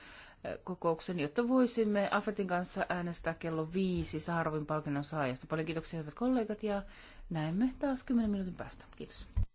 eh, kokouksen, jotta voisimme Afetin kanssa äänestää kello 5 Saharovin palkinnon saajasta. Paljon kiitoksia hyvät kollegat ja näemme taas 10 minuutin päästä. Kiitos.